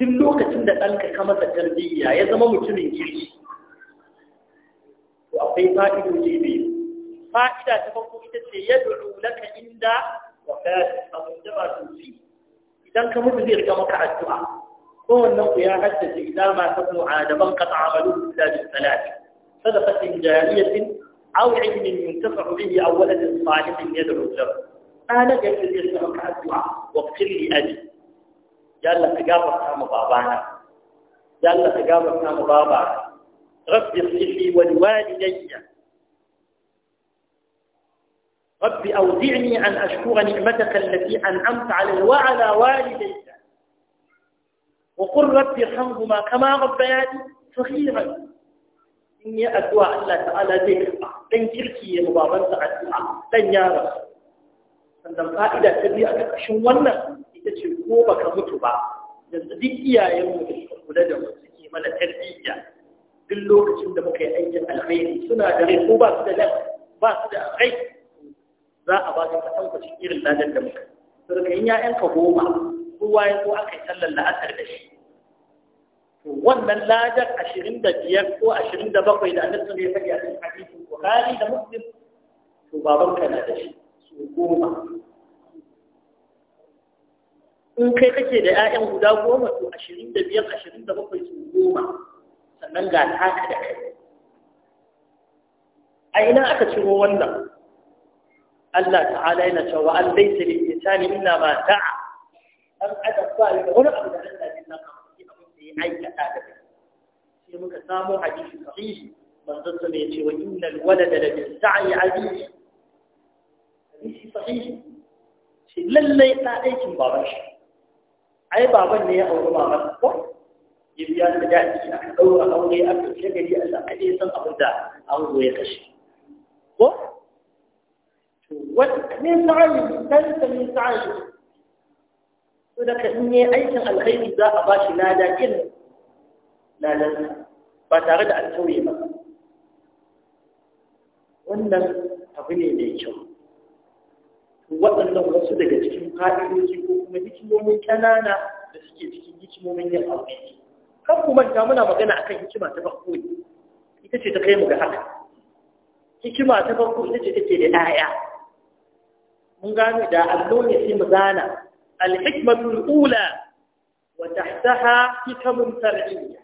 duk lokacin da ɗanka ka masa tarbiyya ya zama mutumin kirki to akwai fa'idoji biyu fa'ida ta farko ita ce yad'u laka inda wa fa'ida abu da ba su fi idan ka mutu zai rika maka addu'a kowannen ku ya haddace idan ma ta kuma adaban ka ta'amalu da bin salati sadaqatin jariyatin aw ilmin yuntafa'u bihi aw waladin salihin yad'u lahu ana ga yadda zai rika maka addu'a wa qil li abi ya Allah ka gafarta mu babana ya Allah ka gafarta mu ربي أوزعني أن أشكر نعمتك التي أنعمت علي وعلى والدي وقل ربي ارحمهما كما ربياني صغيرا إني أن الله تعالى ذكر دن كركي يا مبابا سعد دن يا رسول ان fa'ida ta شو a ko baka mutu ba yanzu duk iyayenmu da suka kula da mu suke mana tarbiyya duk lokacin da muka yi aikin alkhairi suna da rai ko ba su da nan ba su da rai za a ba su kasan irin ladan da muka surkayin ya'yanka goma kowa ya zo aka yi sallar la'asar da shi wannan ladar ashirin da biyar ko ashirin da bakwai da annabi ya faɗi a cikin hadisin bukhari da muslim to ka na da shi su goma in kai kake da 'ya'yan guda goma to ashirin da biyar ashirin da bakwai su goma sannan ga taka da kai a ina aka ciro wannan Allah ta'ala yana cewa an laisa lil insani illa ma da'a an adam ba ya da wani abu da Allah ya nuna kamar abin da ya aikata da kai sai muka samu hadisi sahihi manzon sa ya ce wa innal walada la bi sa'i aziz hadisi sahihi shi lallai ta aikin baban shi ai baban ne ya auri baban ko ya da daɗi a ɗaura aure a cikin gari a san sa'ade san abin da an ya kashi ko to ne min sa'ayi tansa min sa'ayi to da in ne aikin alkhairi za a ba shi lada irin ladan ba tare da an ba wannan abu ne mai kyau waɗannan wasu daga cikin fa'idoji kuma hikimomin kanana da suke cikin hikimomin yin aure. Kan kuma ta muna magana a kan hikima ta farko ne. Ita ce ta kai mu ga haka. Hikima ta farko ita ce take da ɗaya. Mun gano da allo ne sai mu gana. Al-hikmatu al-ula wa tahtaha hikamun tar'iyya.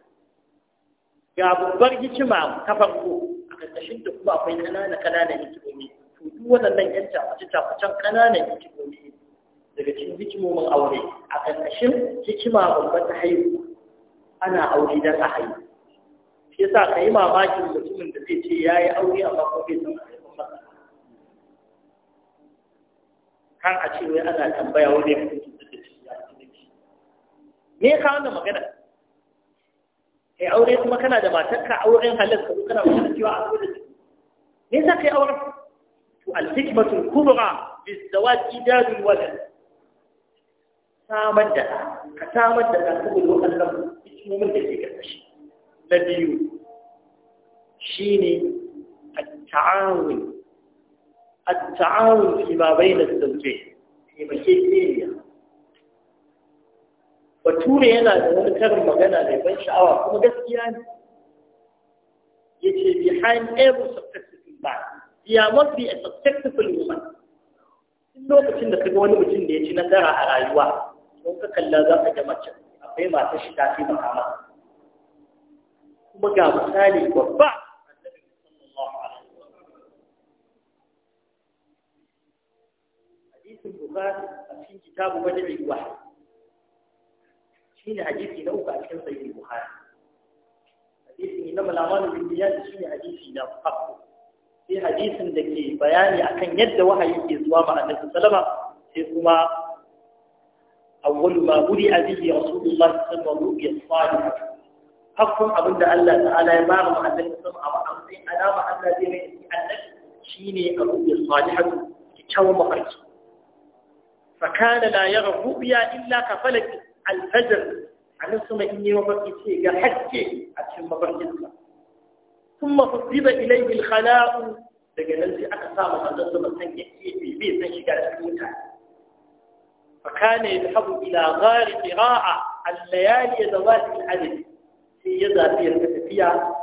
Ga babbar hikima ta farko a ƙarƙashin ta kuma akwai kanana kanana hikimomi. To duk wannan yan tafi tafi can kanana hikimomi. daga cikin hikimomin aure a ƙarƙashin hikima babban ta haihu ana aure don a haihu shi yasa ka yi mamakin mutumin da zai ce ya yi aure amma ko bai san haifin masa kan a ce wai ana tambaya wani ya fito da ce ya fito me ya kawo da magana kai aure kuma kana da matarka auren halin ko kana da cewa a aure da shi me yasa kai auren to al-hikmatu al-kubra bi zawaj idad walad samar da ka samar da ɗan saboda waɗannan hikimomin da ke ƙarƙashi na biyu shi shine التعاون التعاون فيما بين الزوجين في مشيئية bature yana da wani karin magana mai ban sha'awa kuma gaskiya ne ya ce behind every successful man there must be a successful woman in lokacin da ka ga wani mutum da ya ci nasara a rayuwa ko ka kalla za ka ga mace akwai masu shi ta fi maka kuma ga misali babba hadisin bukhari a cikin kitabu badri wahyi shine hadisi na uku a cikin sahih bukhari hadisi na malaman bin biyan shine hadisi na farko sai hadisin da ke bayani akan yadda wahayi ke zuwa ma annabi sallama sai kuma أول ما برئ به رسول الله صلى الله عليه وسلم رؤيا الصالحة حكم أبن الله تعالى يبارم أن الإسلام أبا أمسي ألام أن الذي يتألف شيني الرؤيا الصالحة كتشاو مخرج فكان لا يرى الرؤيا إلا كفلك الفجر عن السماء إني ومرئي سيقى حكي أتشم مبرئي ثم فضب إليه الخلاء daga nan sai aka sa masa da sama san yake bai san shiga cikin mutane فكان يذهب إلى غار قراءة الليالي ذوات العدد في يدا في الفتفية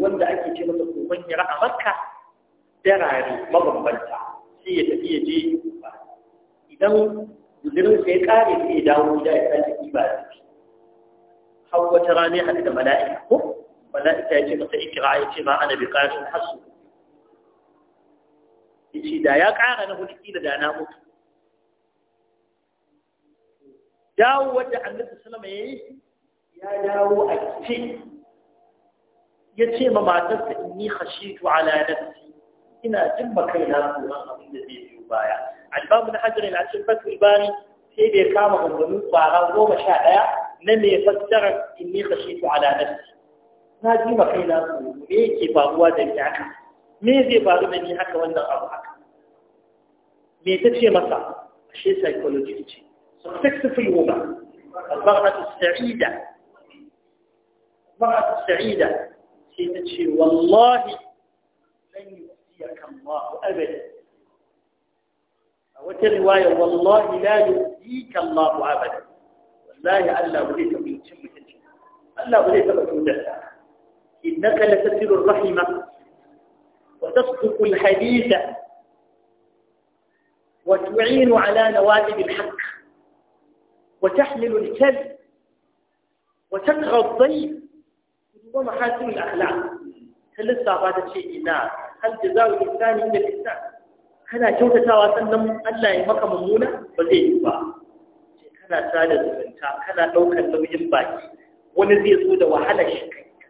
wanda ake ce masa koman kira a makka darare mabambanta sai ya tafi ya je idan guzirin sai ya kare ya dawo gida ya sake kiba da shi har wata rana ya haɗu da mala'ika ko mala'ika ce ana ya ya ƙara na da na dawo wadda annabi sallama yayi ya dawo a ce ya ce ma matarsa inni khashitu ala nafsi ina jin ma kaina tsoron abin da zai biyo baya al-babu na hajjar al-ashir fatul bari sai da ya kama gungumin kwara goma sha ɗaya na mai fassara inni khashitu ala nafsi na ji ma kaina tsoro me yake faruwa da ni haka me zai faru da ni haka wannan abu haka me ta ce masa ashe psychology ce الوضع المرأة السعيدة المرأة السعيدة سيدتي والله لن يؤذيك الله أبدا وترواية والله لا يؤذيك الله أبدا والله ألا وليت من شمك ألا وليت مجودة إنك لتسل الرحمة وتصدق الحديث وتعين على نوائب الحق وتحمل الكذب وتلغى الضيف ومحاسن الأخلاق هل الصعبات شيء لا هل جزاء الإنسان إلا الإنسان kana kyautatawa sannan Allah ya maka mummuna ba zai yi ba kana sada zumunta kana ɗaukar nauyin baki wani zai zo da wahalar shi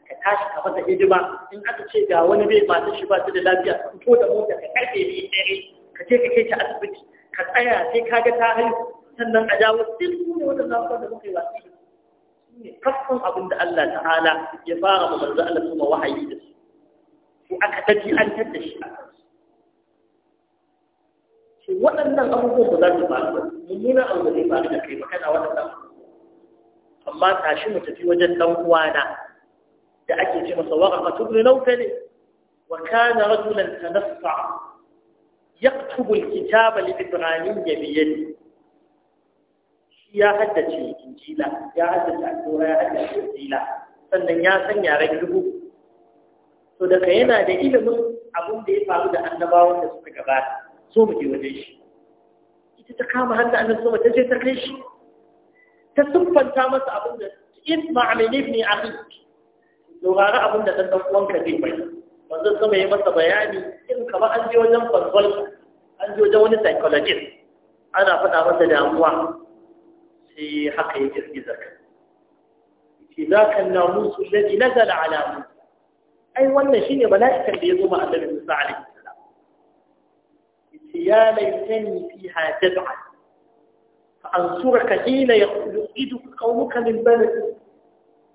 ka tashi ka masa hidima in aka ce ga wani bai masu shi ba su da lafiya fito da mota ka karfe ne dare ka je ka kai asibiti ka tsaya sai ka ga ta haihu sannan adawa duk su ne waɗannan abubuwan da muka yi watsi da su ne kafin abin da Allah ta'ala ya fara ma manzo Allah kuma wahayi da su su aka tafi an tadda shi a kansu shi waɗannan abubuwan ba za su faru ba mummuna abu da zai faru da kai ba kana waɗannan amma tashi mu tafi wajen ɗan uwana da ake ce masa waraka tubni nauka ne wa kana rajulan tanaffa yaktubu alkitaba li ibrahim biyadi ya haddace injila ya haddace alkora ya haddace injila sannan ya san yaren dubu to daga yana da ilimin abin da ya faru da annabawan da suka gabata so mu je wajen shi ita ta kama hannun annabi sama ta je ta kai shi ta siffanta masa abin da in ma'amini ibn akhi dogara abin da dan dan uwanka zai bai wanda sama ya masa bayani in kamar an je wajen consultant an je wajen wani psychologist ana faɗa masa damuwa sai haka ya girgiza kai za ka namusu lalli na zala alamu ai wannan shine ne bala'ikan da ya zo ma'adar musa alaihi salam ce ya laitani fi hajjad'a fa an sura ka hila ya idu kaunuka min bana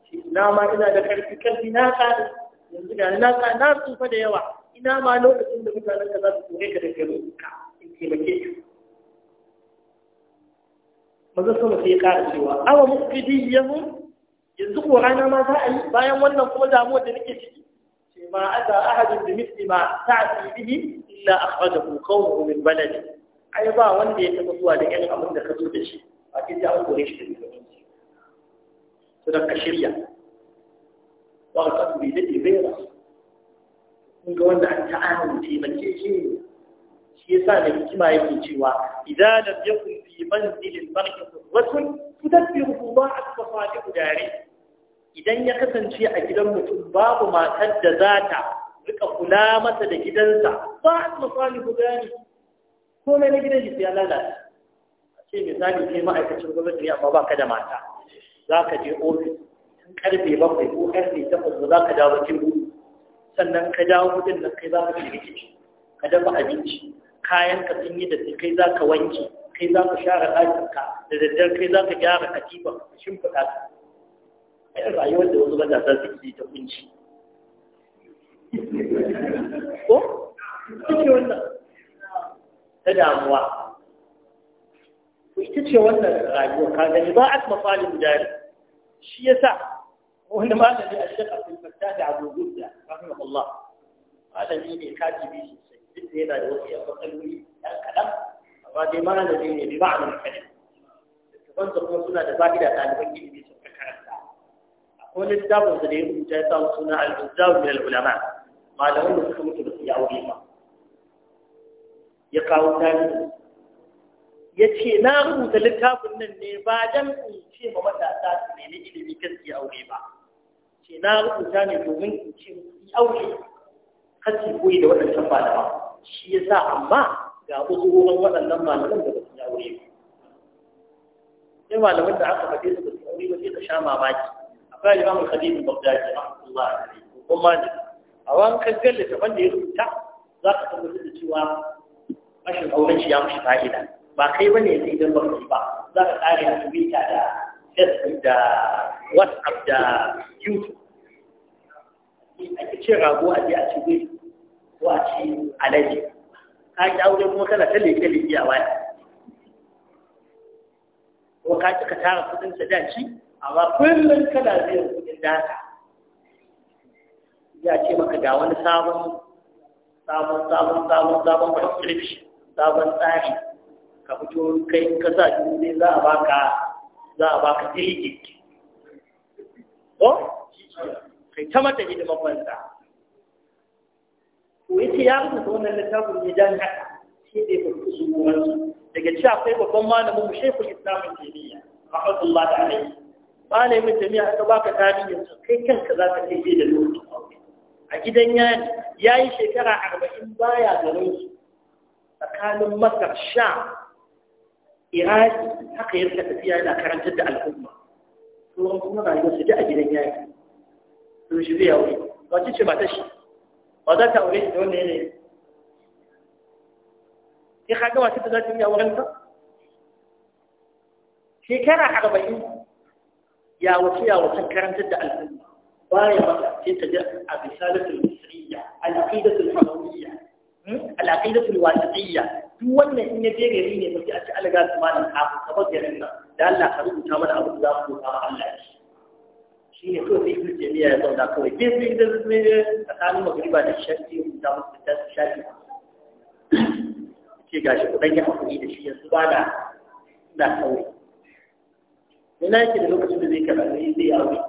ce ina ma ina da karfi karfi na kare yanzu na na tsufa da yawa ina ma lokacin da mutanen ka za su ka da garin taimake manzo sama sai ya ƙara cewa awa muqdiyahum yanzu ko rana ma za a yi bayan wannan kuma damuwar da nake ciki ce ma ata ahadin bi misli ma ta'ti bihi illa akhrajahu qawmuhu min baladi ai ba wanda ya taba zuwa da irin abin da ka zo da shi ba ke ja an kore shi da to da ka shirya wa ka tafi da ibera kun ga wanda an ta'amu taimake shi shi yasa da hikima yake cewa idan lam yakun بمنزل البرق قدوة تدبر مضاعف مصالح داره idan ya kasance a gidan mutum babu matar da za ta rika kula masa da gidansa ba a misali guda ne ko mai na gidan ya lalace a ce misali kai ma'aikacin gwamnati ne amma ba ka da mata za ka je ofis tun karfe bakwai ko karfe takwas ba za ka dawo cikin sannan ka dawo gudun nan kai za ka ci rikici ka dafa abinci kayan ka sun yi da kai za ka wanke kai za ka share ɗakinka da daddare kai za ka gyara katifa ka shimfiɗa ta ai rayuwar da wasu matasa suke ta kunci ko suke wannan ta damuwa ita ce wannan rayuwa ka gani ba a mafalin jari shi ya sa wani malami a shek abdul fattah da abu gudda rahimahullah malami ne katibi sosai duk da yana da wasu yan matsaloli ɗan kaɗan amma dai da ne bi ma'anar kalma littafan su kuma suna da fa'ida ɗaliban ilimi sun ka karanta akwai littafin da ya rubuta ya samu suna al da min al-ulama malaman da suka mutu da su ya aure ba ya kawo tarihi ya ce na rubuta littafin nan ne ba don in ce ma matasa su nemi ilimi kan su aure ba ce na rubuta ne domin in ce su aure kan su koyi da waɗancan ba da ba shi ya sa amma ga kusurorin waɗannan malaman da ba su aure ba sai malaman da aka faɗe su ba su aure ba sai ka sha mamaki akwai alimamul khalifu bagdadi rahmatullah alaihi ko malik a wani kankan littafin da ya rubuta za ka tabbatar da cewa rashin auren shi ya mashi fa'ida ba kai ba ne yanzu idan ba kai ba za ka ƙare a twitter da facebook da whatsapp da youtube ake ce rago a je a ci ko a ci alaji ka ki aure kuma kana ta leke leke a waya ko ka ki ka tara kudin shi, amma kullum kana zai kudin data ya ce maka ga wani sabon sabon sabon sabon sabon prescription sabon tsari ka fito kai in ka sa dole ne za a baka za a baka tilikit ko kai ta mata hidiman banza wace ya ya ta wannan littafin ne dan haka shi ne babban shugabanci daga ci akwai babban malamin mu shekul islam jami'a rahmatullah da alai malamin jami'a aka baka tarihin yanzu? kai kanka za ka kai da lokaci a gidan ya yi shekara arba'in baya garin su tsakanin masar sha iraki haka yarka tafiya yana karantar da al'umma sauran kuma rayuwarsu da a gidan yaki sun shi zai yawo wacce ce ba ta shi ba za ta aure shi da wannan yanayi sai ka ga masu da za ta wurin auren ta shekara arba'in ya wuce ya wuce karantar da al'umma baya ba sai ta ga a bisalatul misriya al'aqidatul hamawiyya hmm? al'aqidatul wasitiyya duk wannan in ya je gari ne ba sai a ci alga su malam kafin ka bar da Allah ka rubuta mana abu da za mu roƙa Allah shi shi ne kawai sai ibn jami'a ya zauna kawai bai sai da zai tsakanin magriba da shafi da mutum da shafi ce gashi kudan ya hakuri da shi yanzu ba na na kawai ina yake da lokacin da zai karatu sai zai aure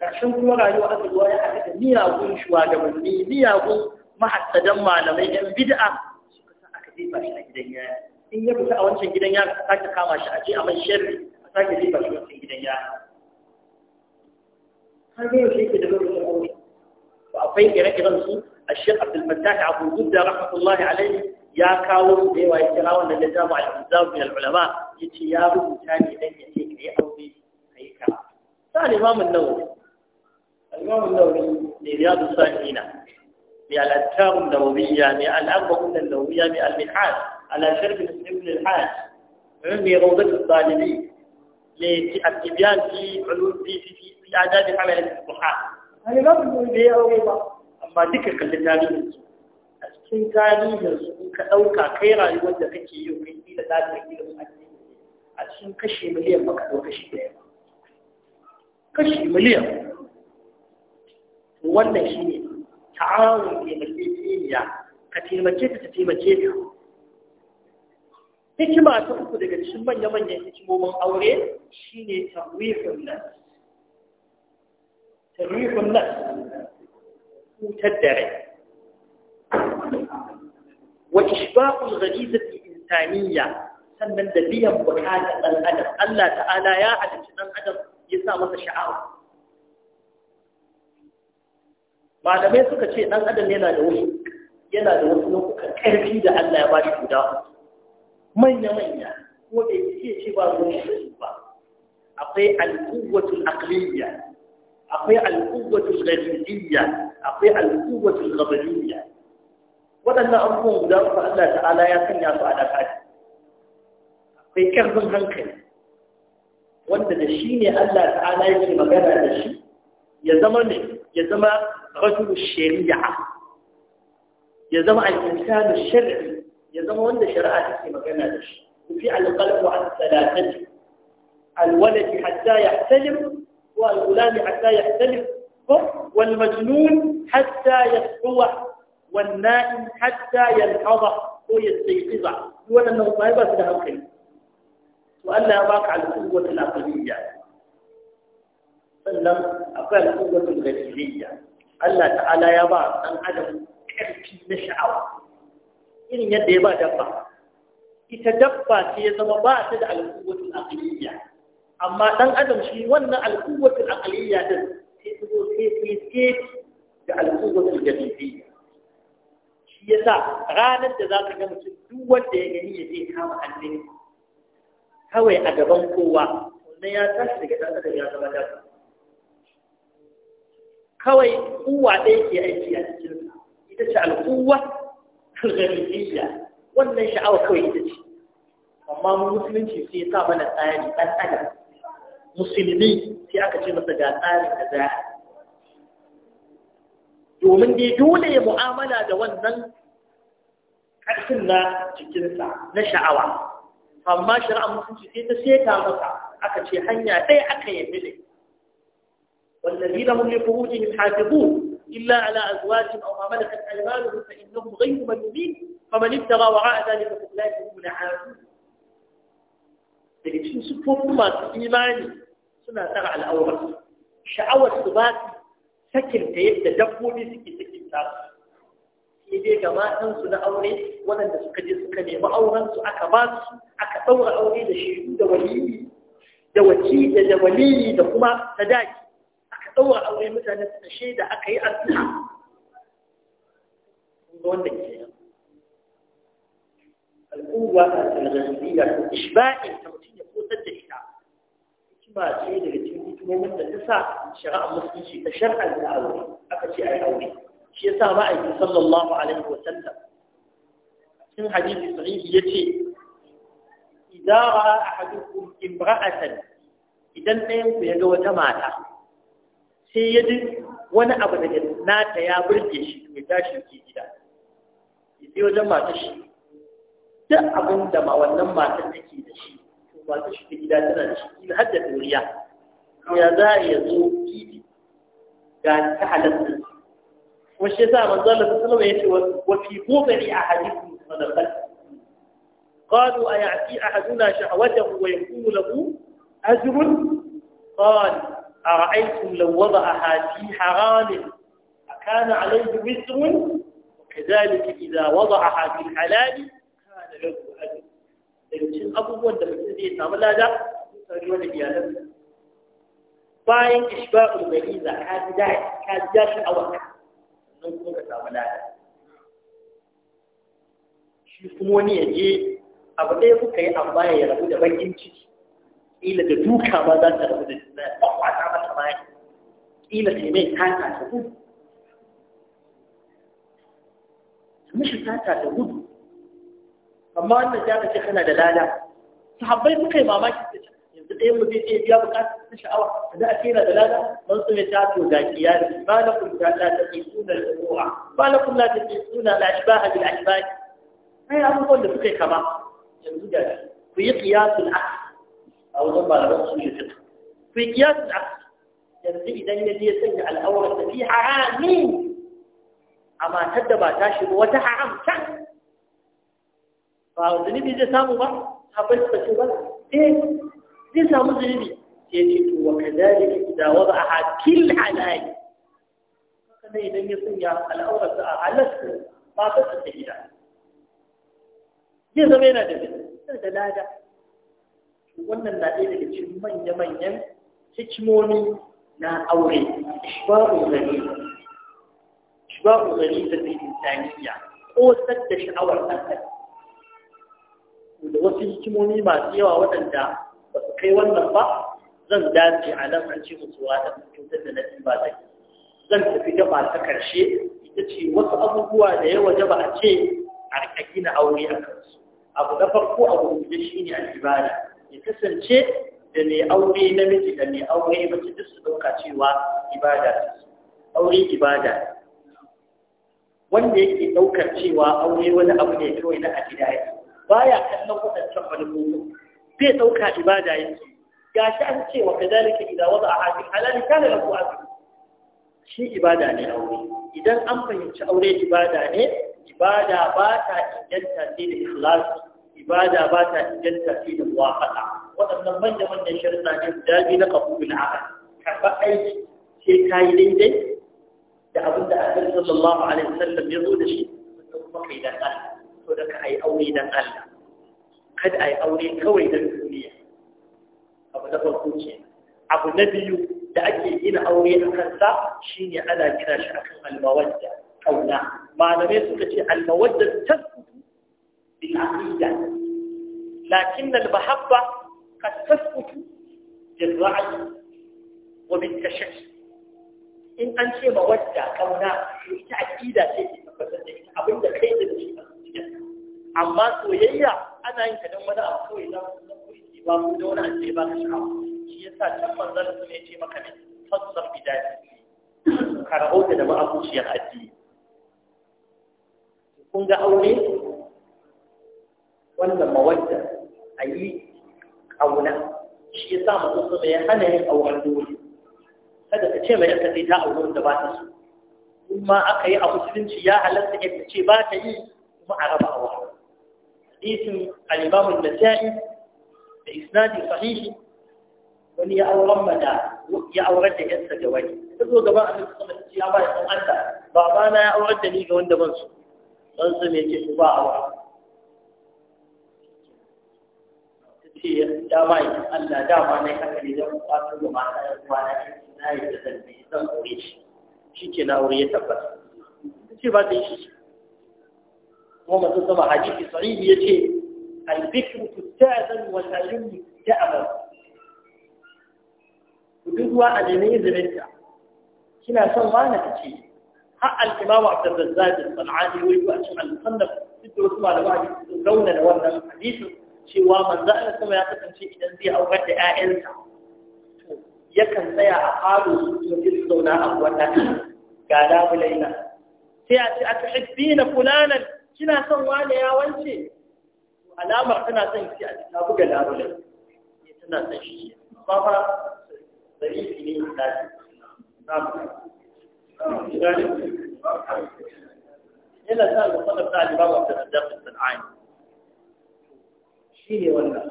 karshen kuma rayuwa aka zuwa ya haka da miyagun shugabanni miyagun mahassadan malamai yan bid'a suka sa aka jefa shi a gidan yaya in ya fita a wancan gidan yaya aka sake kama shi a je a mai sharri a sake jefa shi a wancan gidan yaya an zai yaushe ke da lokacin aure to akwai ire-iren su a shi abdulfattah abu zubda rahmatullahi alaihi ya kawo su da yawa ya kira wannan littafin al-izamu min al-ulama yace ya rubuta ne dan ya ce kai aure kai ka sai imam an-nawawi imam an-nawawi ne riyadu sa'ina ne al-azkar an-nawawiyya ne al-arba'un an-nawawiyya ne al-minhaj ala sharh ibn al-hajj ne rawdat al-talibin لتبيان في علوم في في adabi amalin duha an ba mu da ya aure ba amma duka kallon tarihin su a cikin tarihin su ka ɗauka kai rayuwar da kake yi kai ki da dalilin ilimin addini a cikin kashe miliyan ba ka dauka kashi ɗaya ba miliyan wannan shi ne ta'awun taimakekeniya ka taimake ta ta taimake ka hikima ta uku daga cikin manya-manyan hikimomin aure shi ne tarwifin nan تريح النفس وتدعي وإشباق الغريزة الإنسانية سمن دبيا بكاتا الأدب ألا تعالى يا عدد جنان عدد يسا مصر شعار ما لم يسوك شيء نان عدد ينا لوحي ينا لوحي نوكو كيف دا ألا يباش كدا مين مين هو بيسي شبار مشرفة أقي القوة الأقلية akwai al'uwatul ghadiyya akwai al'uwatul ghadiyya waɗannan abubuwan guda uku Allah ta'ala ya sanya su a dakati akwai ƙarfin hankali wanda da shi ne Allah ta'ala yake magana da shi ya zama ne ya zama rajul shari'a ya zama al-insanu shar'i ya zama wanda shari'a take magana da shi fi al-qalbu an salatati al-walad hatta yahtalim والغلام حتى يحتلف والمجنون حتى يسحو والنائم حتى ينحض هو يستيقظ يقول انه ما يبقى في ذلك وأن لا يباك على القوة العقلية فلم أقل القوة الغريبية ألا تعالى يباك أن عدم كركي نشعر إن يدي يباك يباك يتدفى في يزم باسد على القوة العقلية amma ɗan adam shi wannan alquwwatul aqliyya ɗin, sai su zo sai sai sai da alquwwatul jadidiyya shi sa ranar da zaka ga mutum duk wanda ya gani ya je kama hannun kawai a gaban kowa wannan ya tashi daga dan adam ya zama dafa kawai kuwa ɗaya ke aiki a cikin ita ce alkuwa alghamidiyya wannan sha'awa kawai ita ce amma musulunci sai ya sa mana tsari ɗan adam musulmi sai aka ce masa ga tsarin da za domin dai dole ya mu'amala da wannan ƙarfin na jikinsa na sha'awa amma shari'a musulci sai ta seta masa aka ce hanya ɗaya aka yi mili والذين هم لفروجهم حافظون إلا على أزواجهم أو ما ملكت أيمانهم فإنهم غير ملومين فمن ابتغى وراء ذلك فأولئك هم العادون daga cikin siffofin masu imani suna tsara al'aurar sha'awar su ba sakinta yadda dabbobi suke sakinta sai dai ga matansu na aure waɗanda suka je suka nemi aurensu aka ba su aka ɗaura aure da shi da waliyi da waci da da waliyi da kuma ta sadaki aka ɗaura aure mutane suka da aka yi addu'a ga wanda ke al'uwa al-ghazaliya ishba'i ta mutum ya kotar da ita hikima ce daga cikin hikimomin da ta sa shari'ar musulunci ta shar'ar da aure aka ce ai aure shi yasa ma'aiki sallallahu alaihi wa sallam cikin hadisi sahihi yace idza ra'a ahadukum imra'atan idan ɗayan ku ya ga wata mata sai ya ji wani abu da ta ya burge shi to ya tashi ke gida ya je wajen matar shi duk abin da wannan matar take da shi masu shiga gida tana da shi in hadda duniya to ya za a yanzu bibi ga ta halatta ko shi yasa manzo Allah sallallahu alaihi wasallam yace wa fi bughri ahadikum sadaqat qalu ayati ahaduna shahwatahu wa yakunu lahu ajrun قال أرأيتم لو وضعها في حرام كان عليه وزر وكذلك إذا وضعها في الحلال كان له أجر daga cikin abubuwan da mutum zai samu lada sai wani biyanar bayan ishba'ul mariza ka ji da ka ji da sha'awa nan kuma ka samu lada shi kuma wani ya je abu ɗaya kuka yi amma ya rabu da bakin ciki ila da duka ma za ta rabu da juna ya kwakwata mata bayan ila ta mai tata ta gudu mishi ta gudu amma wannan ya kace kana da lada sahabbai suka yi mamaki da yanzu ɗaya mu zai iya biya bukatar ta sha'awa da a kera da lada man su ne tato da kiyasi ba na kun ta ta ta suna ruwa ba na kun ta ta suna la ibaha bil ashbah ai abubuwan da suka yi kama yanzu da ku yi kiyasun aks a wajen ba malaman su ne fiqh ku yi kiyasun aks yanzu idan ya je sanya al'awar da fi haramin a matar da ba ta shigo wata haram can ba zunubi zai samu ba a bai ce ba eh zai samu zunubi sai ce to wa ba a wada'aha fil halal kana idan ya sanya al'aurar sa a halal ba ta ta gida zai zama yana da zai da lada wannan na ɗaya daga cikin manya-manyan hikimomi na aure ishba'u gari ishba'u gari da zai insaniya ko sadda sha'awar ɗan da wasu hikimomi masu yawa waɗanda ba su kai wannan ba zan dace a nan an ce musu wata cutar da na ba zai zan tafi gaba ta karshe ita ce wasu abubuwa da ya waje ba a ce a rika gina aure a kansu abu na farko abu da shi ne al-ibada. ya kasance da mai aure namiji da mai aure mace duk su ɗauka cewa ibada aure ibada wanda yake ɗaukar cewa aure wani abu ne kawai na a gida baya kallon waɗancan manufofin zai ɗauka ibada yake ga shi an ce wa kazalika idan wada a hajji halali kana lahu azumi shi ibada ne aure idan an fahimci aure ibada ne ibada ba ta inganta sai da ikhlasi ibada ba ta inganta sai da muwafaqa waɗannan manya manyan sharuɗa ne guda biyu na qabulul amal karɓa aiki sai ka yi daidai da abin da annabi sallallahu alaihi wasallam ya zo da shi kuma kai dan Allah so da ka yi aure dan Allah kada a yi aure kawai dan duniya abu na farko ce abu na biyu da ake gina aure a kansa shine ana gina shi akan almawadda ƙauna. malamai suka ce almawadda tasbutu bil aqida lakin almahabba qad tasbutu bil ra'yi wa bil tashakki in an ce mawadda kauna ita aqida ce ta tabbata da ita abinda kai da shi amma soyayya ana yin ta don wani abu kawai za ku san ke ba ku da wani ajiye ba ka sha'awa shi ya sa can manzon su ne ce maka ne fasar bidaya ka rahota da ma'abuciyar addini kun ga aure wannan mawadda a yi ƙauna shi ya sa mutum sama ya hana yin auren dole kada ka ce mai yanka zai ta auren da ba ta so kuma aka yi a musulunci ya halatta yadda ce ba ta yi kuma a raba auren hadisin al-Imam an-Nasa'i da isnadi sahihi wani ya auren da ya aurar da yansa ga wani ta zo gaba a cikin sama ya ba ya san Allah baba na ya aurar da ni ga wanda ban su ban su me ke su ba awa ce ya ba ya Allah dama na yi haka ne na yi na yi shi shi na aure ya kuma sun zama hadisi sahihi ya ce alfikru tutazan wa tayin ya amal ku duk wa adini zubinta kina son wani ta ce ha al-imamu abdul-zazzajin sal'adi wai ba shi al-musannaf duk da wasu ba da da wannan hadisin cewa manzo Allah sama ya kasance idan zai aurar da ƴaƴansa yakan tsaya a halu su ji su zauna a wannan gada bulaina sai a ce aka hibbi na fulanan kina son wane ya wance alamar tana son shi a ta buga labulan ne eh, tana son shi amma fa zarifi ne da shi yana sa ga sanar da ta da rajafi sana'ani shi ne wannan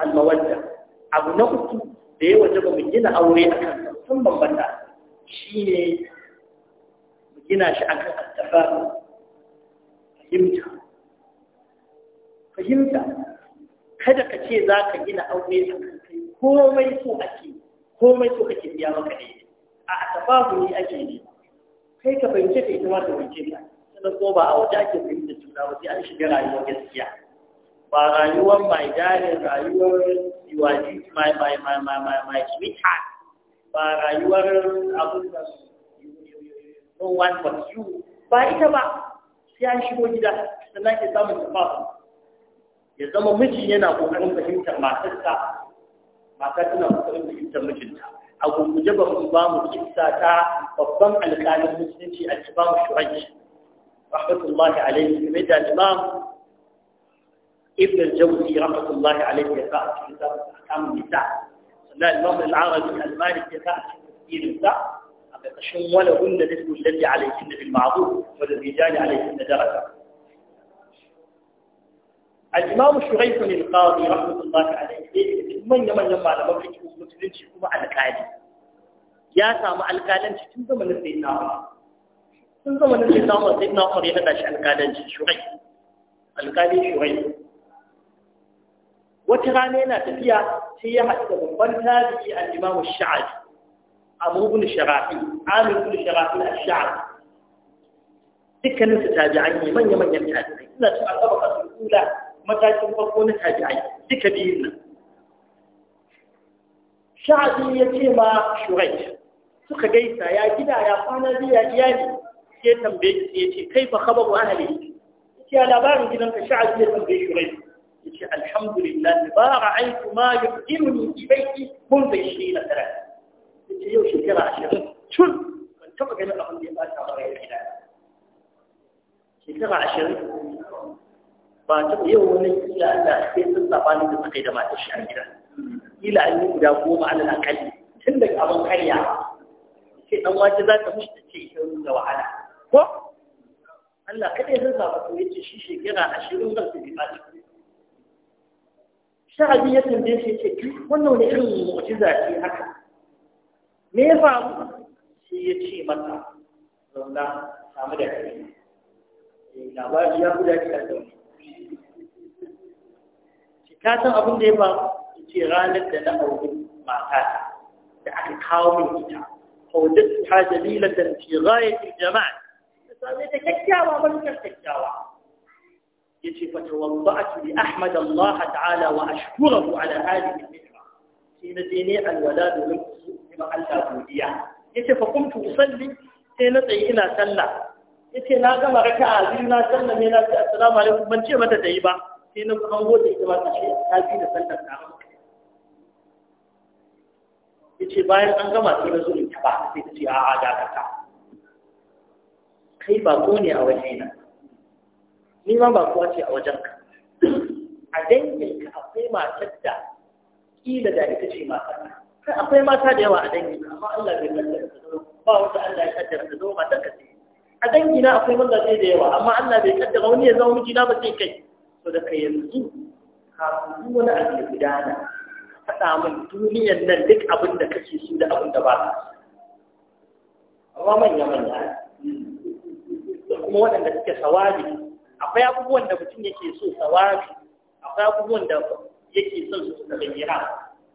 al mawadda abu na uku da ya wajaba mu gina aure a kan sun bambanta shi ne mu gina shi a kan tafarin fahimta kada ka ce za ka gina aure a kan kai komai so ake komai so kake biya maka ne a tafahu ne ake ne kai ka fahimce ka ita ma ta fahimce ka sannan ko ba a wata ake fahimta juna ba sai an shiga rayuwar gaskiya ba rayuwar mai dare rayuwar iwaji mai mai mai mai mai mai mai ba rayuwar abin da no one but you ba ita ba sai an shigo gida sannan ke samun tafafa ya zama miji yana kokarin fahimtar matarsa mata tana kokarin fahimtar mijinta a gurguje ba mu ba mu kissa ta babban alƙalin musulunci a mu shuraki rahmatullahi alaihi kuma da imam ibn al-jawzi rahmatullahi alaihi ya sa a cikin kitabun nisa sannan imam al-arabi al-malik ya sa a cikin tafsirinsa da kashin wani wanda da suke lalle a laifin da bilmazu zai jani a laifin da daraka. Al’imamu shugaifu ne da kawo da yawon mutum ba ta alaifin da ya fi cikin musulunci kuma alƙali. Ya samu alƙalanci tun zama na sai nawa. Tun sai nawa sai nawa shi alƙalanci shugai. Alƙali shugai. Wata rana yana tafiya sai ya haɗu da babban tarihi al’imamu sha'adi. أبو بن الشغافي عامل بن الشغافي الشعب تلك النساء تاجعين من يمن يمتاجعين إلا تبقى طبقة الأولى متاجع مفقون تاجعين تلك بيئنا شعبي يتيما شغيت سوك جيسا يا جدا يا فانا دي يا إيالي يتم بيئتي كيف خبب أهلي يا لابان جنان شعبي يتم بيئ شغيت الحمد لله ما رأيت ما يفجرني في بيتي منذ الشيء الثلاثة ce yau shekara ashirin cun ban taɓa ganin abin da ya ba ta mara gida shekara ashirin ba ta yau wani ila Allah sai sun sabanin da suka yi da matar shi a gida ila an yi guda goma alal akalli tun daga abin karya sai dan wace za ta mushi ta ce ita da wahala ko Allah kadai zai zaba ko yace shi shekara ashirin zan tafi ba shi sha'abi ya tambaye shi ce wannan wani irin mu'jiza ce haka මේ සම් සීයේ මත ලොන්න සම දැක්කේ ඒ නබර් යපු දැක්කේ චිකාතන් අබුන් දේවා ඉතිරාල දෙන අවු මාතා يعني قاومي جدا هو دس حاجة ليلة في غاية الجماعة فإذا كتاوا ولو كتاوا يجي فتوضعت لأحمد الله تعالى وأشكره على هذه النعمة sai na je ne alwada domin su yi ma Allah godiya yace fa kuntu usalli sai na tsaye ina sallah yace na gama a biyu na sallah ne na ce assalamu alaikum ban ce mata yi ba sai na kuma gode ita ba ta ce ta bi da sallar ta yace bayan an gama sai na zo in taba sai ta ce a'a da ka ta kai ba ko ne a waje na? ni ma ba kuwa ce a ka. a ka akwai matar da kila da ita ce mata sai akwai mata da yawa a dangi amma Allah bai kaddara ta zo ba wanda Allah ya kaddara ta zo mata kace a dangi na akwai zai da yawa amma Allah bai kaddara wani ya zama miji na ba sai kai to da kai yanzu kafin wani abu ya gudana faɗa min duniyar nan duk abin da kake so da abin da ba ka amma manya manya da kuma waɗanda suke sawabi akwai abubuwan da mutum yake so sawabi akwai abubuwan da yake son su suka bayyana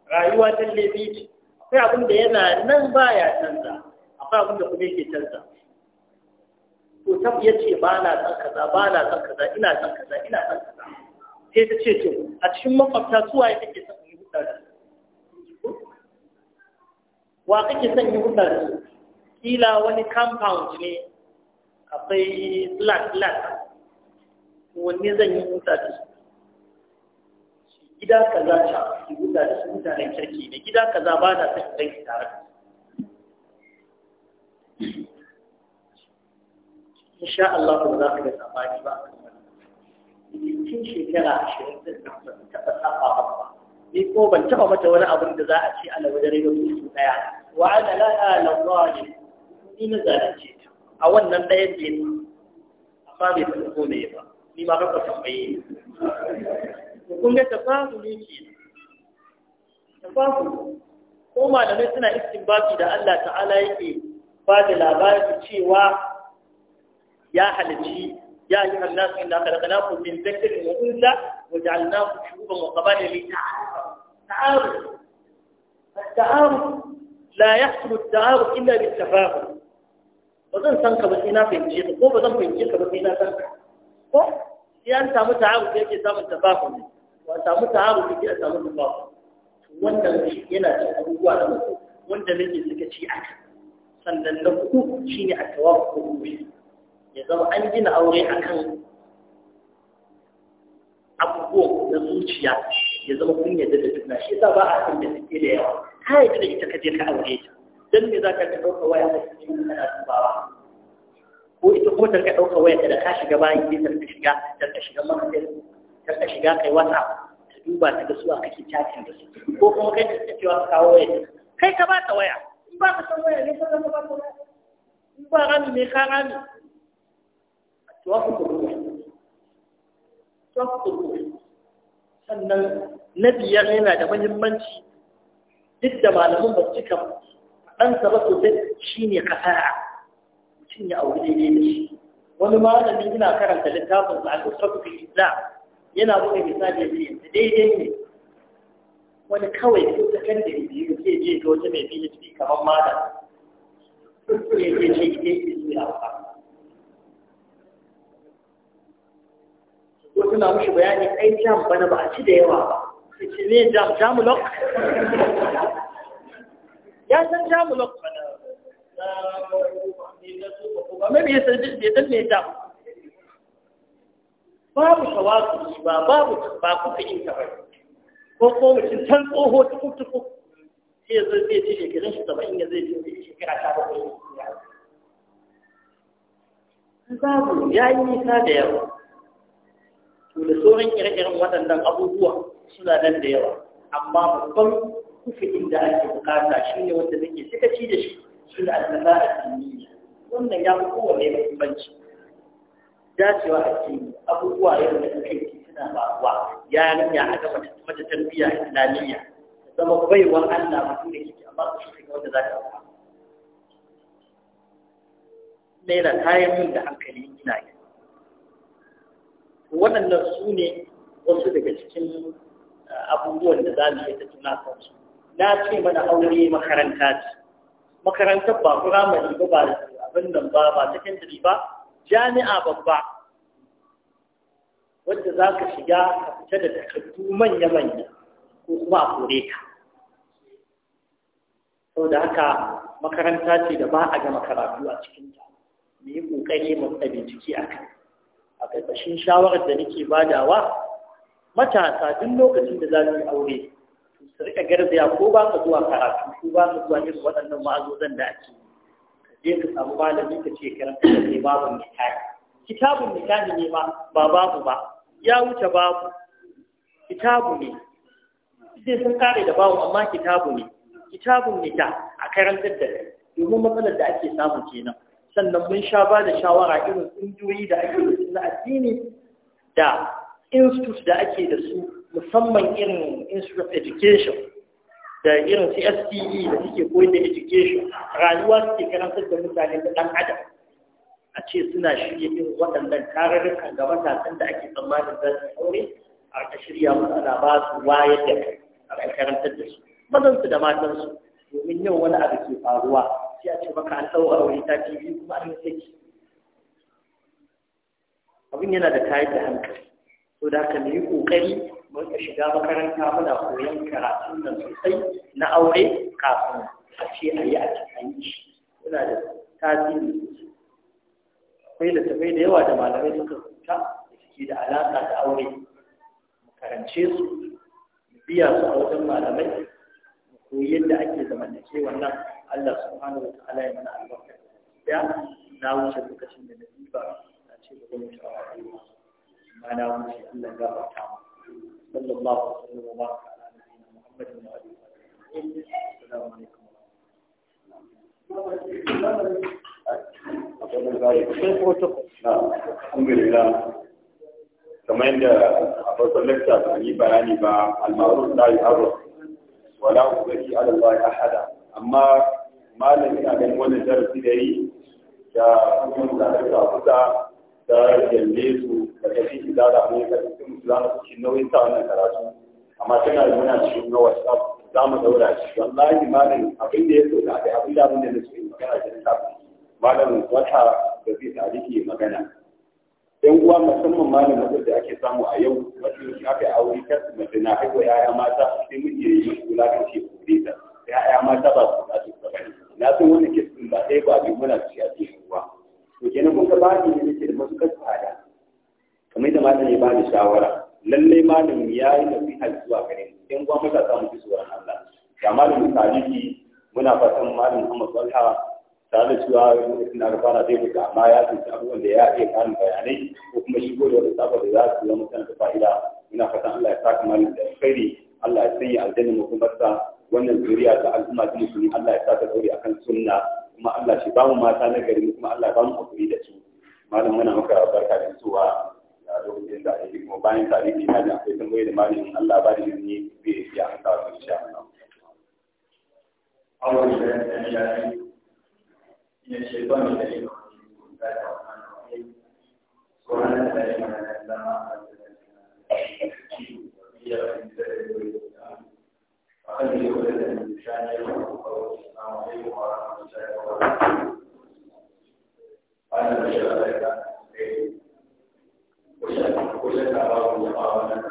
rayuwa ta lebi ce akwai abin da yana nan ba ya canza akwai abin da kuma yake canza to ta ya ce ba na san kaza ba na san kaza ina san kaza ina san kaza sai ta ce to a cikin makwabta suwa ya kake son yi hudar da su wa kake son yi hudar da su kila wani compound ne akwai flat flat wanne zan yi hudar da su gida kaza ta ki huta da su mutanen kirki da gida kaza ba na son idan ki tare insha Allah ba za ka ga sabani ba a cikin shekara ashirin da ta taɓa saba ba ni ko ban taɓa mata wani abin da za a ce ala wajen rage mutu ɗaya wa ana la ala zalim ni na zalunce ta a wannan ɗayan da ya amma bai taɓa ko ne ba ni ma ka tambaye ni kun ga tafasuli ke tafasuli ko malamai suna istinbati da Allah ta'ala yake ba da labarin cewa ya halici ya yi hannasu inda aka daga naku min zakirin wa unza wa ja'alnaku shuban wa qabala li ta'aruf التعارف la يحصل التعارف illa bi وزن Ba zan san ka ko sai an samu ta'aruf yake samun tafahum Wata mutu samu taharu a samu tufafu wannan yana cin abubuwa da mutu wanda nake suka ci a kan sannan na hudu shi ne a tawafu ko gobe ya zama an gina aure a kan abubuwan na zuciya ya zama kun yadda da juna shi yasa ba a san da suke da yawa ka yadda da ita ka je ka aure ta dan me za ka ɗauka waya ta cikin kana dubawa ko ita ko ta ka ɗauka waya da ka shiga bayan ta shiga ta shiga maka ka shiga kai wata ta duba ta ga suwa kake chatting da su ko kuma kai ta cewa ka kawo waya kai ka ba ta waya in ba ka san waya ne sai ka ba ta waya in ba rami ne ka ne. to ku ku to ku sannan na biyar yana da muhimmanci duk da malamin ba cika dan ɗansa ba sosai shi ne kasara mutum ya auri daidai da shi wani malami ina karanta littafin sa al-usrafu fil yana buga misali da yanzu daidai ne wani kawai ko da biyu sai je ga wata mai ciki kamar malam kuma je ce ita su ya fa ko suna mushi bayani jam bana ba a ci da yawa ba ne jam jamulok ya san jamulok bana ba bai san jam babu shi ba babu ba ku kai ta bai ko ko mutum tan tsoho ta tuku sai ya zai ce shekarun shi saba'in ya zai ce shekara ta bakwai babu ya yi nisa da yawa to da sauran ire-iren waɗannan abubuwa suna nan da yawa amma babban kufin da ake bukata shi ne wanda nake sakaci da shi shi da almasa a wannan ya fi kowane mahimmanci dacewa a ce abubuwa yau da suke suna faruwa ya niyya a gaba mata tarbiyya islamiyya ta zama baiwa Allah mutum da kike amma su shi wanda za ta fara naira kayan min da hankali ina yi waɗannan su ne wasu daga cikin abubuwan da za mu ta tuna kansu na ce mana aure makaranta ce makarantar ba firamare ba ba abin nan ba ba secondary ba jami'a babba wanda za ka shiga ka fita da takardu manya-manya ko kuma a kore ka sau da haka makaranta ce da ba a gama karatu a cikinta mai yi ƙoƙari mu bincike a kai a ƙarƙashin shawarar da nake badawa matasa duk lokacin da za su yi aure su riƙa garzaya ko ba ka zuwa karatu ko ba ka zuwa irin waɗannan ma'azozan da ake yi je ka samu malami ka ce kira da babu nikahi kitabun nikahi ne ba ba babu ba ya wuce babu kitabu ne sai sun kare da babu amma kitabu ne kitabun mita a karantar da domin matsalar da ake samu kenan sannan mun sha ba da shawara irin ƙungiyoyi da ake da su na addini da institute da ake da su musamman irin institute of education da irin CSTE da suke koyar da education rayuwa suke karantar da mutane da ɗan adam a ce suna shirya yin waɗannan tarurrukan ga matasan da ake tsammanin za su aure a ta shirya musu ana ba su wayar da kai a karantar da su mazan su da matan su domin yau wani abu ke faruwa sai a ce maka an a aure ta TV kuma an yi abin yana da kayan da hankali to da haka mu yi ƙoƙari mun shiga makaranta muna koyon karatun nan sosai na aure kafin a ce a yi a cikin shi yana da tasiri akwai da tafai da yawa da malamai suka rubuta da suke da alaƙa da aure mu karance su mu biya su a wajen malamai mu koyi yadda ake zamantake wannan Allah subhanahu wa ta'ala ya mana albarka ya na wuce lokacin da na na ce da gwamnati a wajen ma na wuce Allah ya gafarta mu صلى الله وسلم وبارك على نبينا محمد وعلى اله السلام عليكم Alhamdulillah kamar yadda a farkon lakta ba yi bayani ba almarun da yi aro wala ubaki ala Allah ya hada amma malamin a ganin wannan darasi da yi da kuma da kusa ta gyalle su da tafi izara ne ka tafi musu za mu ɗauki nauyin ta wannan karatu amma tana da muna cikin na whatsapp za mu daura shi wallahi malam abin da ya so da abin abin da abin da na so in magana da ta malam wata da zai tariki magana yan uwa musamman malam da ake samu a yau wata yau aka yi aure kar mace na haihuwa yaya mata muka samu ji tsoron Allah ga malamin tarihi muna fatan malamin Muhammad Salha tare da cewa lokacin da fara zai buga amma ya tsinci abubuwan da ya iya karin bayanai ko kuma shigo da wani sabon da za su zama mutane da fa'ida muna fatan Allah ya saka malamin da alkhairi Allah ya sanya aljanna makomarsa wannan zuriya ta al'umma ta musulmi Allah ya sa ta dore akan sunna kuma Allah shi ba mu mata na gari kuma Allah ya ba mu hakuri da su malam muna maka barka da zuwa a lokacin da ake kuma bayan tarihi na da akwai tambayoyi da malamin Allah ba da izini بإحياء إن شاء الله أول شيء من الشيطان الذي سبحان الذي علم وقد يولد الإنسان يوم القول السلام عليكم ورحمة الله وبركاته أنا بشر عليك وشكرا لك على المقاومة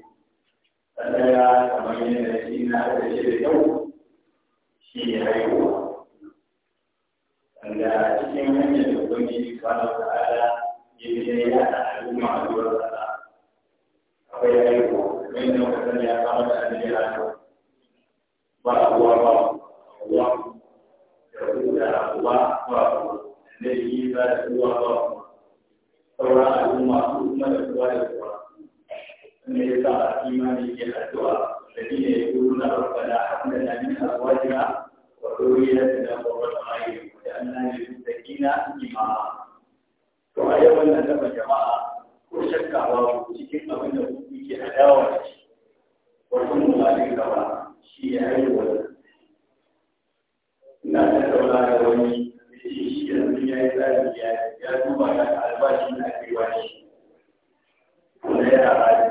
فلا كما ينسينا هذا الشيء اليوم شيء هيوة فلا تكون من يكون سبحانه وتعالى يبنيها الأمة دور الصلاة فهي هيوة من يكون يا قرب أن يلعب وهو الله الله يقول الله وهو الذي بل هو الله فهو الأمة ثم يقول الله من يقع إيمانه الأدواء الذين يقولون ربنا حق لنا من أزواجنا وذريتنا قرة أعين وجعلنا للمتقين إماما وأيضا wannan daga jama'a ko shakka ba cikin abin da kuke adawa da shi wato mu ba ne gaba shi ya yi wannan ina da tauna da wani shi shi yanzu ya yi tsari ya duba da albashi na kai wani kuma ya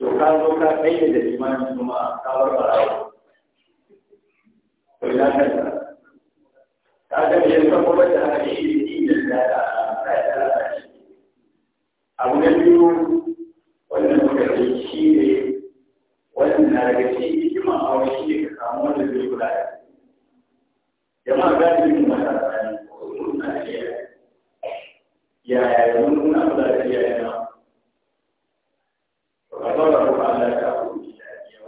to ka zo ka ɗaya da imani kuma ka bar barawa to ina Ta ka ga me yasa kuma da hali da da da da abu na biyu wannan muka ce shi ne wannan na daga cikin hikima a wani shi ne ka samu zai kula da jama'a za ta yi matasa ko suna da iyaye yaya yanzu muna kula da iyaye فضرب على كعبه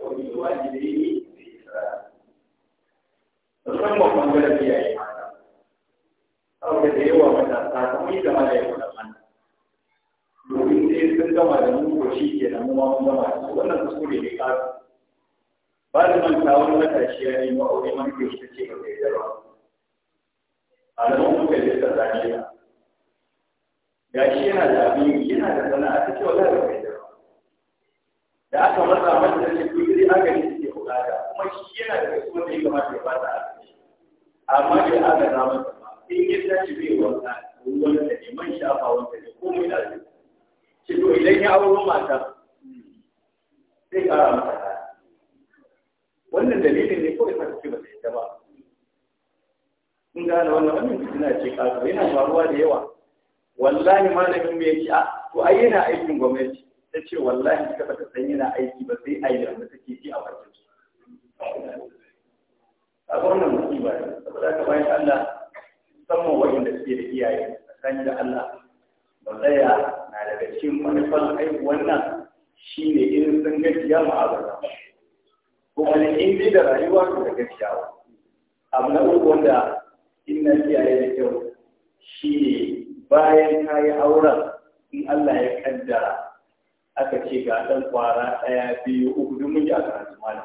وبالوالدين بإحسان ثم من ذلك يا إيمان أو كذي ومن أساسه كما يكون من domin sai sun gama da mu ko shi ke nan mu mun gama da su wannan kuskure ne ka ba da manta wani matashi ya nemi aure man ke shi ce ba zai yarwa a nan mun kai da tsaniya ya shi yana da abin yana da sana'a ta ce da aka matsa masa da shi aka yi suke bukata kuma shi yana da kuma da ya kamata ya fata a cikin amma da aka na masa ba in ya tashi bai wanka ruwan da ne man shafa wanda ne ko mai lafi shi to idan ya auro mata sai kara masa kaya wannan dalilin ne kawai sa ce ba sai ta ba in gane wannan wannan fitina ce kaso yana faruwa da yawa wallahi malamin mu yake a ah, to ai yana aikin gwamnati ta ce wallahi ka baka san yana aiki ba sai ayyar da take ji a wajen su a wannan musiba ne saboda ka bayan Allah musamman da suke da iyaye tsakani da Allah ba tsaya na daga cikin manufan aiki wannan ne irin sun gajiya ma'abara ko wani in da rayuwa su da gajiya abu na uku wanda inna iyaye da kyau shi ne bayan ka yi auren in Allah ya kaddara aka ce ga ɗan kwara ɗaya biyu uku duk mun ji aka hantu malam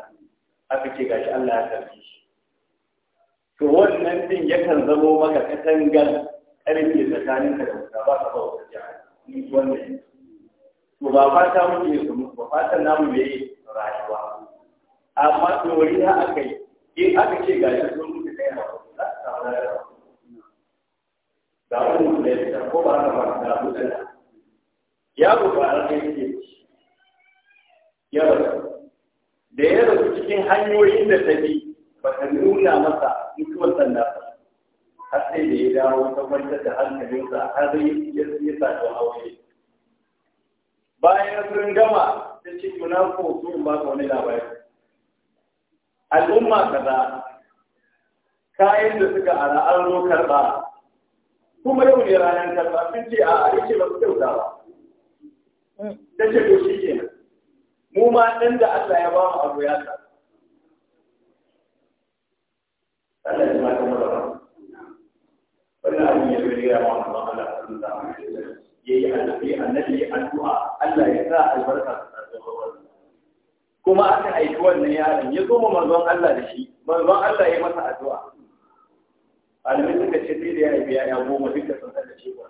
aka ce gashi Allah ya karfi shi to wannan din yakan zamo maka katangar ƙarfe tsakanin ka da wuta ba ka ba wata jiha wannan to ba fata muke ke su ba ta namu ne rayuwa amma ɗoriya na akai in aka ce gashi sun mutu kai na wasu za su samu da ga wani mutu da ya ko ba haka ba da mutu da Ya ba a rage yake ya rasu da ya rasu cikin hanyoyin da ta bi ba ta nuna masa mutuwar sanda ba har sai da ya dawo ta kwantar da hankalinsa har ya ya sadu hawaye bayan sun gama ta ce kuna ko su ba ka wani labari al'umma kaza kayan da suka ara an zo karɓa kuma yau ne ranar karɓa sun ce a a yake ba su kyauta ba ta ce to shi ke mu ma ɗan da Allah ya ba mu abu ya ka Allah ya ma kuma da wannan abin ya zai ya ma Allah Allah sun da yayi annabi annabi addu'a Allah ya sa albarka ta wannan kuma aka aiki wannan yaron ya zo ma manzon Allah da shi manzon Allah ya masa addu'a Alamin suka ce sai da ya haifi ya goma duka sun da shi ba.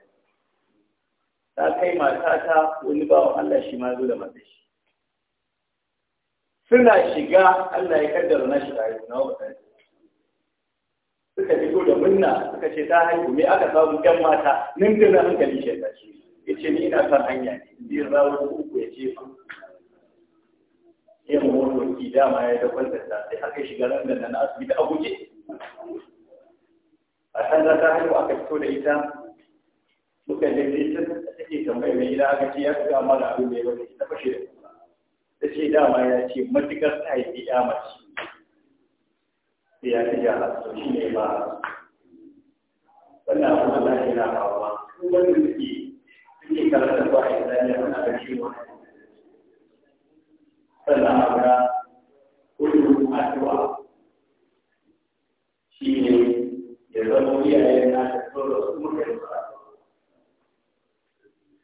ta kai matata wani wa Allah shi ma zo da matsayi. shi suna shiga Allah ya kaddara na shiga tare na wata suka fito da munna suka ce ta haihu me aka samu ɗan mata nan da nan hankali shi ta ce ya ce ni ina son hanya ne zai rawo uku ya ce fa yin ki dama ya da kwantar ta, sai aka shiga nan da nan asibiti a guje a san za ta haihu aka fito da ita suka je ta ce tambayi mai gida aka ce ya fi gama da abin da ya wata ita fashe da kuma ta ce dama ya ce matuƙar ta yi ya mace da ya ta jara to shi ne ba wannan abu Allah ya na hawa wanda suke suke karanta ba a yi zaniya wani abin shi wa sannan a ga kullum addu'a shi ne ya zama iyaye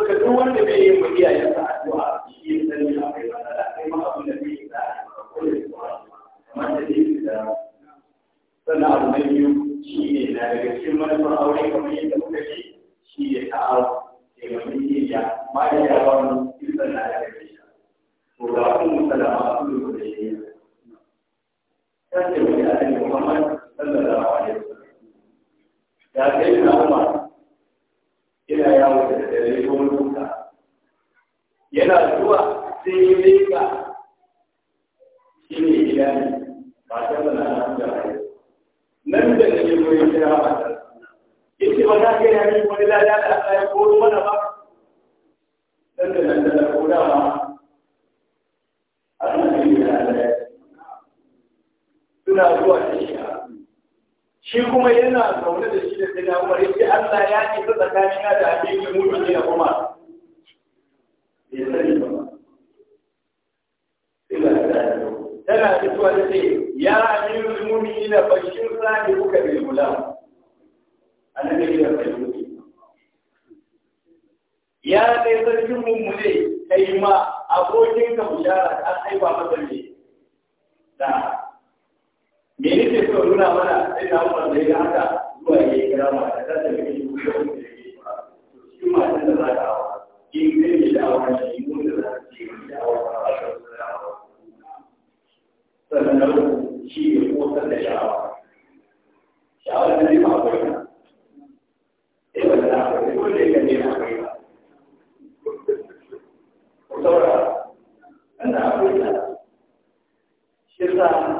Suka duk wanda bai yi mai iyayen sa addu'a shi ya sani a kai matsala sai ma abin da bai yi za a yi ba ko da su kamar da dai sannan abu na biyu shi ne na daga cikin manufar aure kamar yadda muka ce shi ne ta ta'awu taimakon iya ma ba, wani kisan na daga cikin to ga kun musalama su ne da shi ne. Kan taimaki a cikin Muhammad sallallahu alaihi wasallam. Ya kai na Umar yana yawo da dare ko mutunta yana zuwa sai ya leka shi ne gida ne ba ta da na da nan da ne ko ya kira ba ta yace ba za ka yi wani lalata a kai ko mana ba nan da nan da ko da ma a suna zuwa shi kuma yana zaune da shi da sina umar yake Allah ya ce ta na da abin da mutum ne kuma bai sani ba tana fitowa da ce ya amirul na bashir sani kuka bil gulam annabi ya fahimci ya kai sarkin mummune kai ma abokin ka bishara an aiwa masa ne da yake so nuna mana sai da umar da ya haka zuwa ya yi kira ma da zata ga shi ko da yake ba shi ma da za ta hawa in kai ne da hawa shi ko da za ta ci da hawa ba a ta da hawa sannan na shi ne kosar da shawa, sha'awa da ne ma akwai na eh ba da akwai ko da yake ne akwai ba saboda ana akwai na shi sa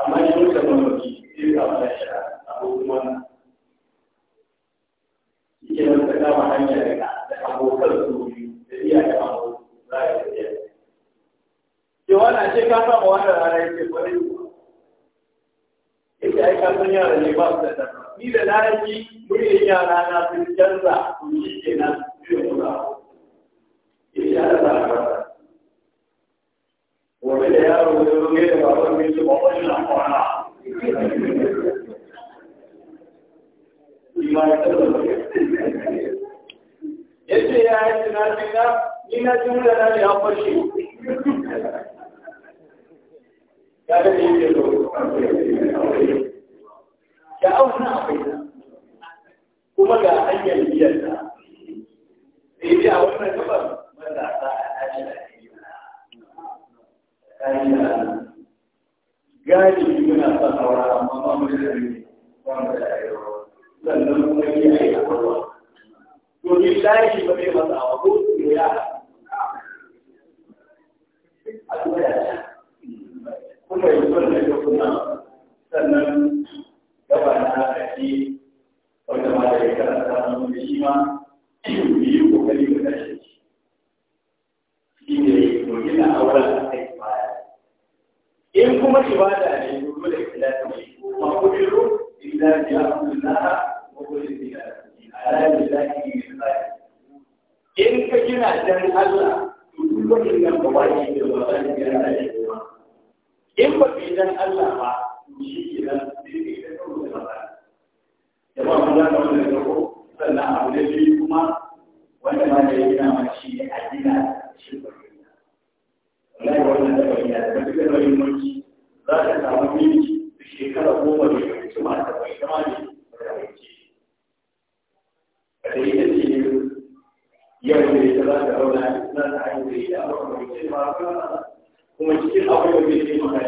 amma shi wuce mamaki sai da fara shara abubuwan shi ke nan ta kama hanyar da abokan su da iya da abokan za a yi tafiya. Ke wannan ce ka kama wannan rana yake kwarai kuwa. Yake ai ka san yara ne ba su da tafiya. Ni da na yi muryar yara na sun canza su shi ke nan zai kula. Yake ya da tsara gobe da yaro da zo ne da baban mai ya yi tunanin na ni na na ne an fashe ya da ne ke zo ya auna akwai kuma ga hanyar biyar ta sai a wannan gabar matasa a ajiyar galibi muna son aura amma ba mu da ne ba mu da ayyuka sannan kuma ni a yi aurwa to ni layi masa ko su ya a kuma ya ci kuma yi da ya kuna sannan gaba na ƙarshe wanda ma da ya karanta mun da shi ma yi kokari mu tashi shi ne to ina auren in kuma ibada ne domin da ikhlasi ne ma kudiru illa bi Allah wa kulli ibadati ala lillahi in ka gina dan Allah to duk wannan nan ba shi da ba za gina da shi ba in ba ka dan Allah ba shi ke nan sai ka kawo ba jama'a mun wannan ko sannan abu ne biyu kuma wanda ma da yana ma shi a gina shi ba wallahi wannan da garin mulki za ka samu mulki da shekara goma da ya ci mata bai zama ne da wanke da ita ce yau da ita za ta rauna za ta hanyar da ita a kuma cikin da zai maka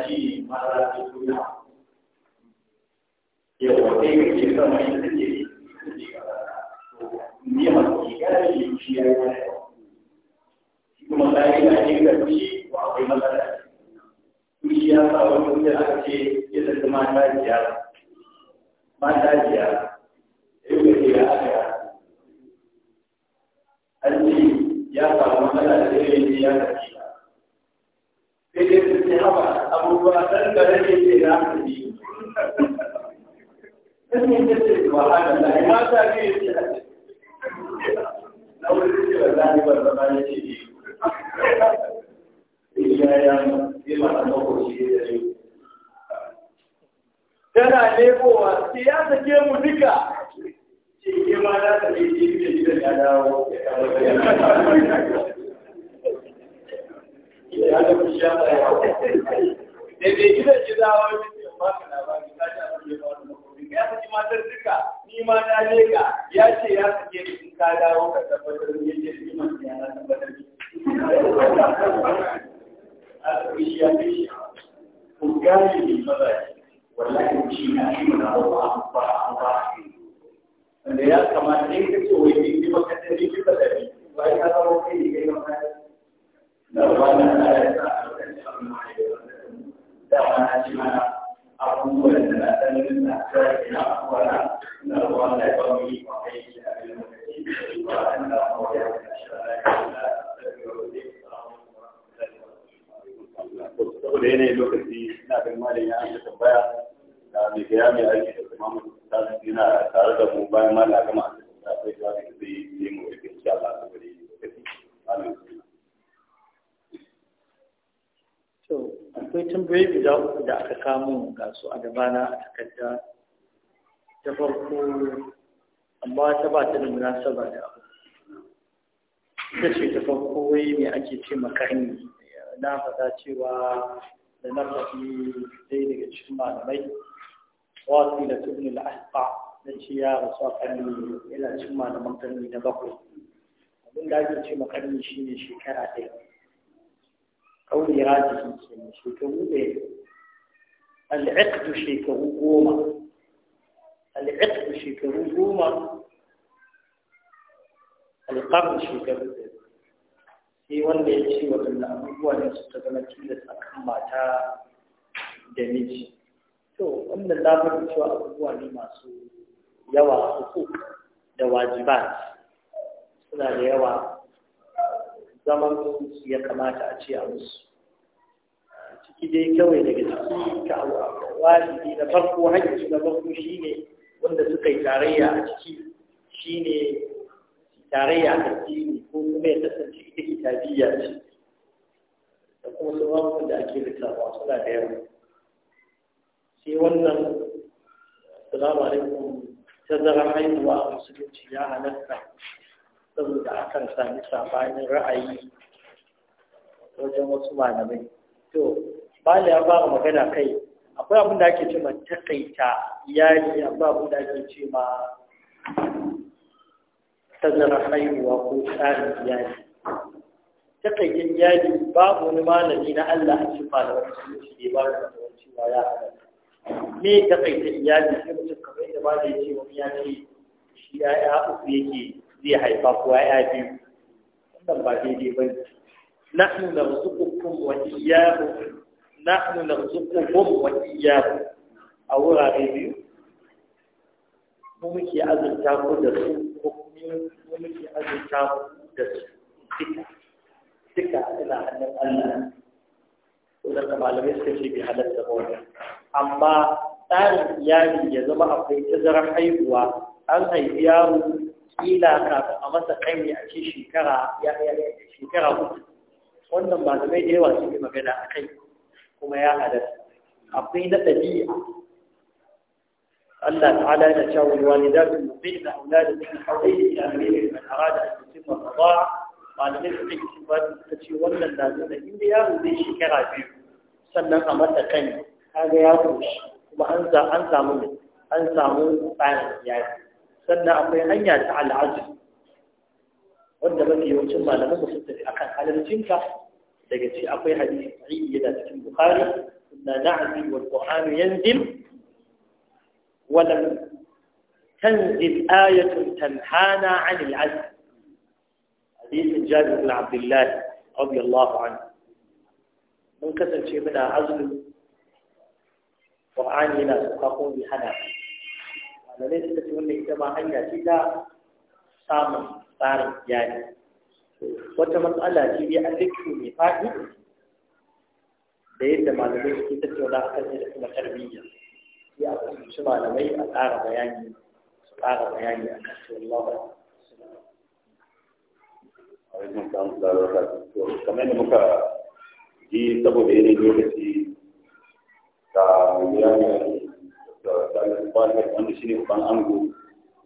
gabana a takarda ta farko amma ta ba ta da munasaba da abu ita ce ta farko wai me ake ce makarni na faɗa cewa da na faɗi dai daga cikin malamai wasu da tubin al'asfa na ce ya rasu a ƙarni yana cikin malaman ƙarni na bakwai abin da ake ce makarni shine shekara ɗaya kauli rajihi ke shekaru ɗaya العقد shekaru goma العقد shekaru goma القرض shekaru sai wanda ya ce waɗanda abubuwa ne su ta zama tilas a kan mata da miji to wannan labarin حقوق abubuwa ne masu yawa da suna da yawa zaman su ya kamata a ce a musu ciki dai kawai daga ciki ka wajibi na farko hanyar su na farko shine wanda suka yi tarayya a ciki shine tarayya a addini ko kuma ya kasance ita kitabiyya ce da kuma sauran da ake littafa suna da yawa sai wannan assalamu alaikum tazarar haihuwa a musulunci ya halatta saboda akan sami sabanin ra'ayi wajen wasu malamai to bala ya fara magana kai akwai abin da ake ce ma takaita iyali akwai abin da ake ce ma tazarar haihuwa ko tsarin iyali takaita iyali babu wani malami na Allah a cikin wani musulunci da ba da mutunci ba ya me takaita iyali sai mutum kamar yadda ba da ce wani ya ce shi ya uku yake zai haifa ko ya biyu wannan ba daidai ba ne nahnu narzuqukum wa iyyakum nahnu narzuqukum a wurare biyu mu muke azurta ku da su ko muke azurta ku da su duka duka ina hannun Allah wannan malamai suka ce bi halatta ba wannan amma tsarin iyali ya zama akwai tazarar haihuwa an haifi yaro kila kafin a masa kaimi a ce shekara wannan ba zai da wa suke magana akai kuma ya halatta akwai da tabi'a Allah ta'ala ya cewa walidatu mu'mina auladu min hawli ila amiri man arada an yutimma rida'a malamai suke cewa ta ce wannan na nuna inda yaro zai shekara biyu sannan a mata kan kaga ya koshi kuma an za an samu an samu tsarin iyali sannan akwai hanya ta al'adu wanda mafi yawancin malaman da sun tafi akan halarcinka daga ci akwai hadisi sahihi yana cikin bukhari kunna na'zi wal qur'anu yanzil wa lam tanzil ayatun tanhana 'anil 'azl hadisin jabir bin abdullah radiyallahu anhu mun kasance muna azumi Qur'ani yana sauka ko bai hana malamai suka ce wannan ita ma hanya ce ta samun tsarin iyali wata matsala ce dai a fikihu mai faɗi da yadda malamai suke tattauna a kan da kuma tarbiyya ya kusurci malamai a ƙara bayani su ƙara bayani a kan sallallahu alaihi wasallam kamar da muka ji saboda yanayin lokaci da bayani da tsarin wanda shine ban ango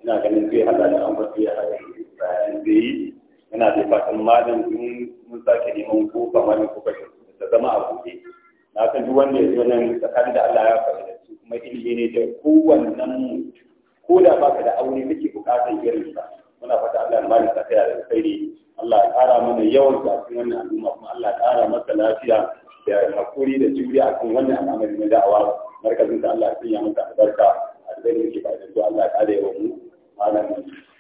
ina ganin zai hada da an fasiya a zai yi yana da fatan malin in mun sake neman ko kamar ko kashe da zama a buɗe na san duk wanda ya zo nan tsakanin da Allah ya faɗi da su kuma ilimi ne da kowannen ko da baka da aure kake buƙatar irin sa muna fata Allah ya mali ka taya da alkhairi Allah ya ƙara mana yawan da cikin wannan al'umma kuma Allah ya ƙara masa lafiya da hakuri da juriya a cikin wannan al'amari na da'awa markazin da Allah ya sanya masa albarka a cikin yake ba da Allah ya ƙara yawan mu malam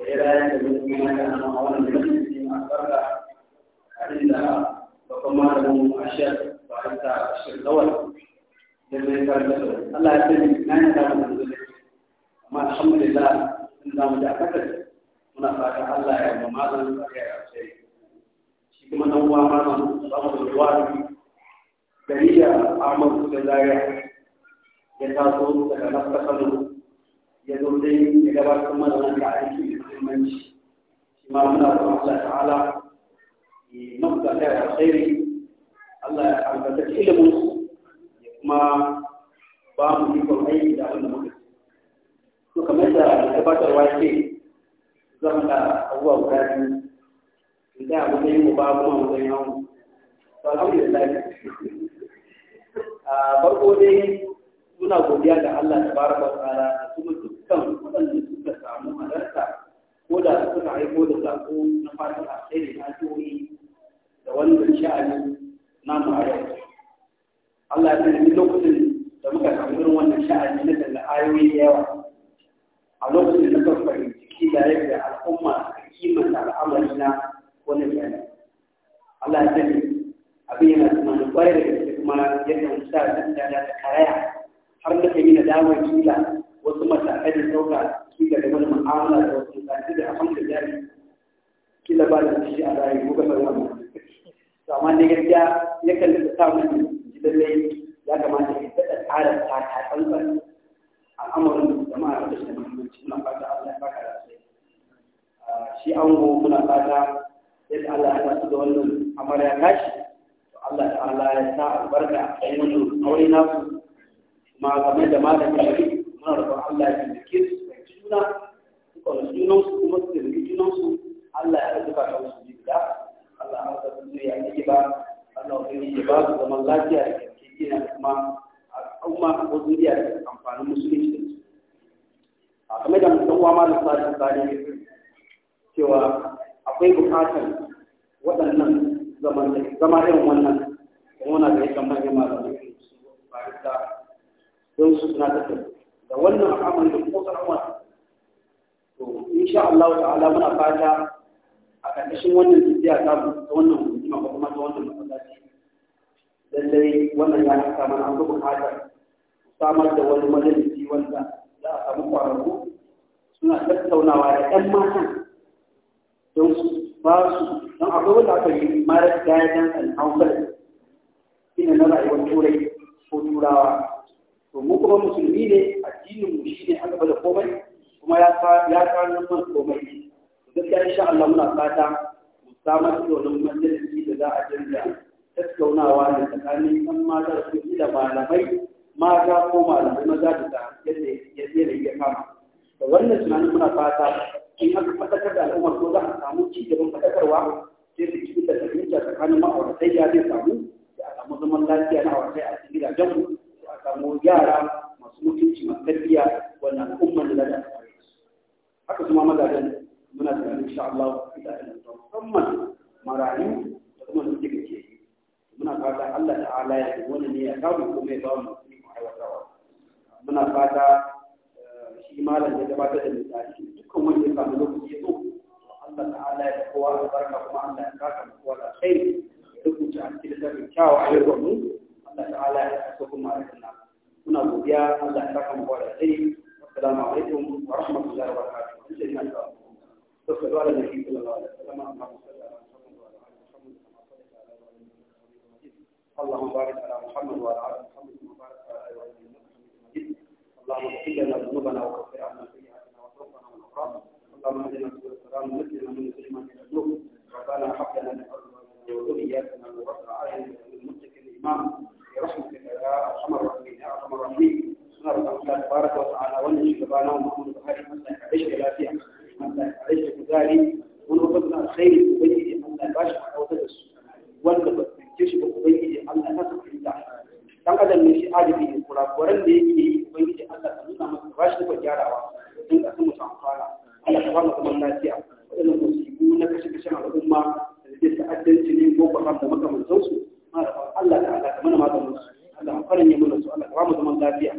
وإذا يتبعون أن أولا من أكبر عند وكما لهم أشد وحتى الشيء الأول لما يتبعون الله يتبعون ما يتبعون ما الحمد لله إن لم يتبعون منافعة الله يا مماذا يا شيء شيء كما هو أمانا صلى الله عليه وسلم دليل أعمال الله ya taso daga muhimmanci shi ma muna da Allah ta'ala ya mafta da alkhairi Allah ya albarka ilimin ya kuma ba mu ikon aiki da abin da muka to kamar da gabatarwa yake zan da abubuwa guda biyu in da abu da yi mu ba kuma mu zan yawon to alhamdulillah farko dai muna godiya ga Allah tabaraka wa ta'ala da kuma dukkan waɗanda suka samu ko da suka aiko da zaɓo na fatan alheri na jihohi da wannan sha'ani na mara Allah ya sani lokacin da muka samu irin wannan sha'ani na dalla ayoyi da yawa a lokacin da na farfari ciki da yadda al'umma suka kimanta al'amari na wannan sha'ani Allah ya sani abin yana tunanin kwarai da gaske kuma yadda sa da ta karaya har da ta yi na damar kila wasu matakai da sauka kila da wani mu'amala da wasu mutane da abin da jari kila ba da shi a rayu ko kasar wannan to amma ne gaskiya ya kalli da samun gidan lai ya kamata ya daɗa tsara ta ta tsantsan al'amarin jama'a da shi da muhimmanci muna fata Allah ya baka da sai shi ango muna fata yadda Allah ya tasu da wannan amarya tashi Allah ta'ala ya sa albarka a kai wannan aure nasu kuma game da malamin muna roƙon Allah ya taimake juna suka rasu kuma suka zargi Allah ya rasu kafin su ji guda Allah ya rasu zuriya ne ba Allah ya ba su zaman lafiya da da kuma al'umma da amfanin musulunci da su a kame da musamman ma da tsari cewa akwai bukatar waɗannan zama irin wannan da malamai da don su suna da da wannan da kuma to insha Allah ta'ala muna fata a ƙarƙashin wannan tafiya ta ta wannan hukuma ko kuma ta wannan masallaci lallai wannan ya haka mana an buƙatar samar da wani majalisi wanda za a samu ƙwararru suna tattaunawa da ƴan matan don su ba su don akwai wanda aka yi marar guidance and counseling ina na rayuwar turai ko turawa to mu kuma musulmi ne addinin mu shi ne gaba da komai kuma ya kawo man komai gaskiya insha Allah muna fata mu samar da wani majalisi da za a dinga tattaunawa da tsakanin kan mata da kuma da malamai mata ko malamai maza da ta yadda ya da ya kama da wannan tunani muna fata in aka faɗakar da al'ummar ko za a samu ci gaban fadakarwa sai su ci da fahimta tsakanin ma'auratai ya zai samu da a samu zaman lafiya na auratai a cikin gidajenmu a samu yara masu mutunci masu tarbiyya wannan al'ummar da za haka kuma mazajen muna da tunanin sha Allah idan musamman marayu da kuma duk da ke muna fata Allah ta ala ya yi wani ne ya kawo ko mai ba mu aiwatarwa muna fata eh, shi malam ya gabatar da misali dukkan wani ya samu lokaci ya zo Allah ta ala ya kowa albarka kuma Allah ya kasa mu kowa da alkhairi rubuta a cikin lissafin kyawu a yau mu Allah ta ala ya kasa kuma a rikin muna godiya Allah ya kasa mu kowa da sai السلام عليكم ورحمة الله وبركاته سيدنا الله وصلوا على النبي صلى الله عليه وسلم اللهم صل على محمد وعلى آل محمد اللهم بارك على محمد وعلى اللهم اغفر لنا ذنوبنا وكفر عنا سيئاتنا وتوفنا من الأبرار اللهم اهدنا سبل من كل ما يحزنه ربنا هب من أزواجنا وذرياتنا قرة أعين برحمتك يا أرحم الراحمين يا أرحم الراحمين suna da Allah tabaraka wa ta'ala wannan shugaba na Muhammadu Buhari Allah ya da lafiya Allah ya da kuzari wani wata na alkhairi ubangiji Allah ya bashi wata da su wanda ba su shi ba ubangiji Allah ya sa fahimta dan adam ne shi adabi ne kurakuran da yake yi ubangiji Allah ya nuna masa bashi da gyarawa sun kasu musu amfana Allah ya ba mu zaman lafiya wadannan musibu na kashe-kashen al'umma da zai ta'addanci ne ko ba da makamantansu Allah ta'ala kamar maganin su Allah ya fara ne mana su Allah ya ba mu zaman lafiya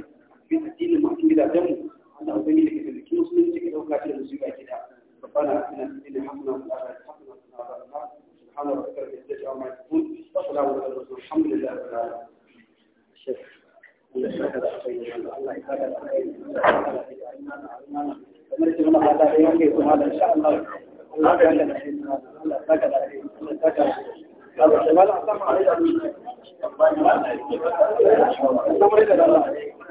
cikin addinin mu cikin gidajen mu Allah ubangiji da kake cikin musulunci ka dauka shi da musulmi a gida ربنا اتنا في الدنيا حسنه وفي الاخره الله وقنا عذاب النار سبحان ربك الله العزه عما يصفون وسلام على الله الحمد لله رب العالمين الشيخ الله يبارك فيك الله يبارك فيك هذا ان شاء الله الله يبارك فيك الله يبارك فيك الله يبارك فيك الله عليكم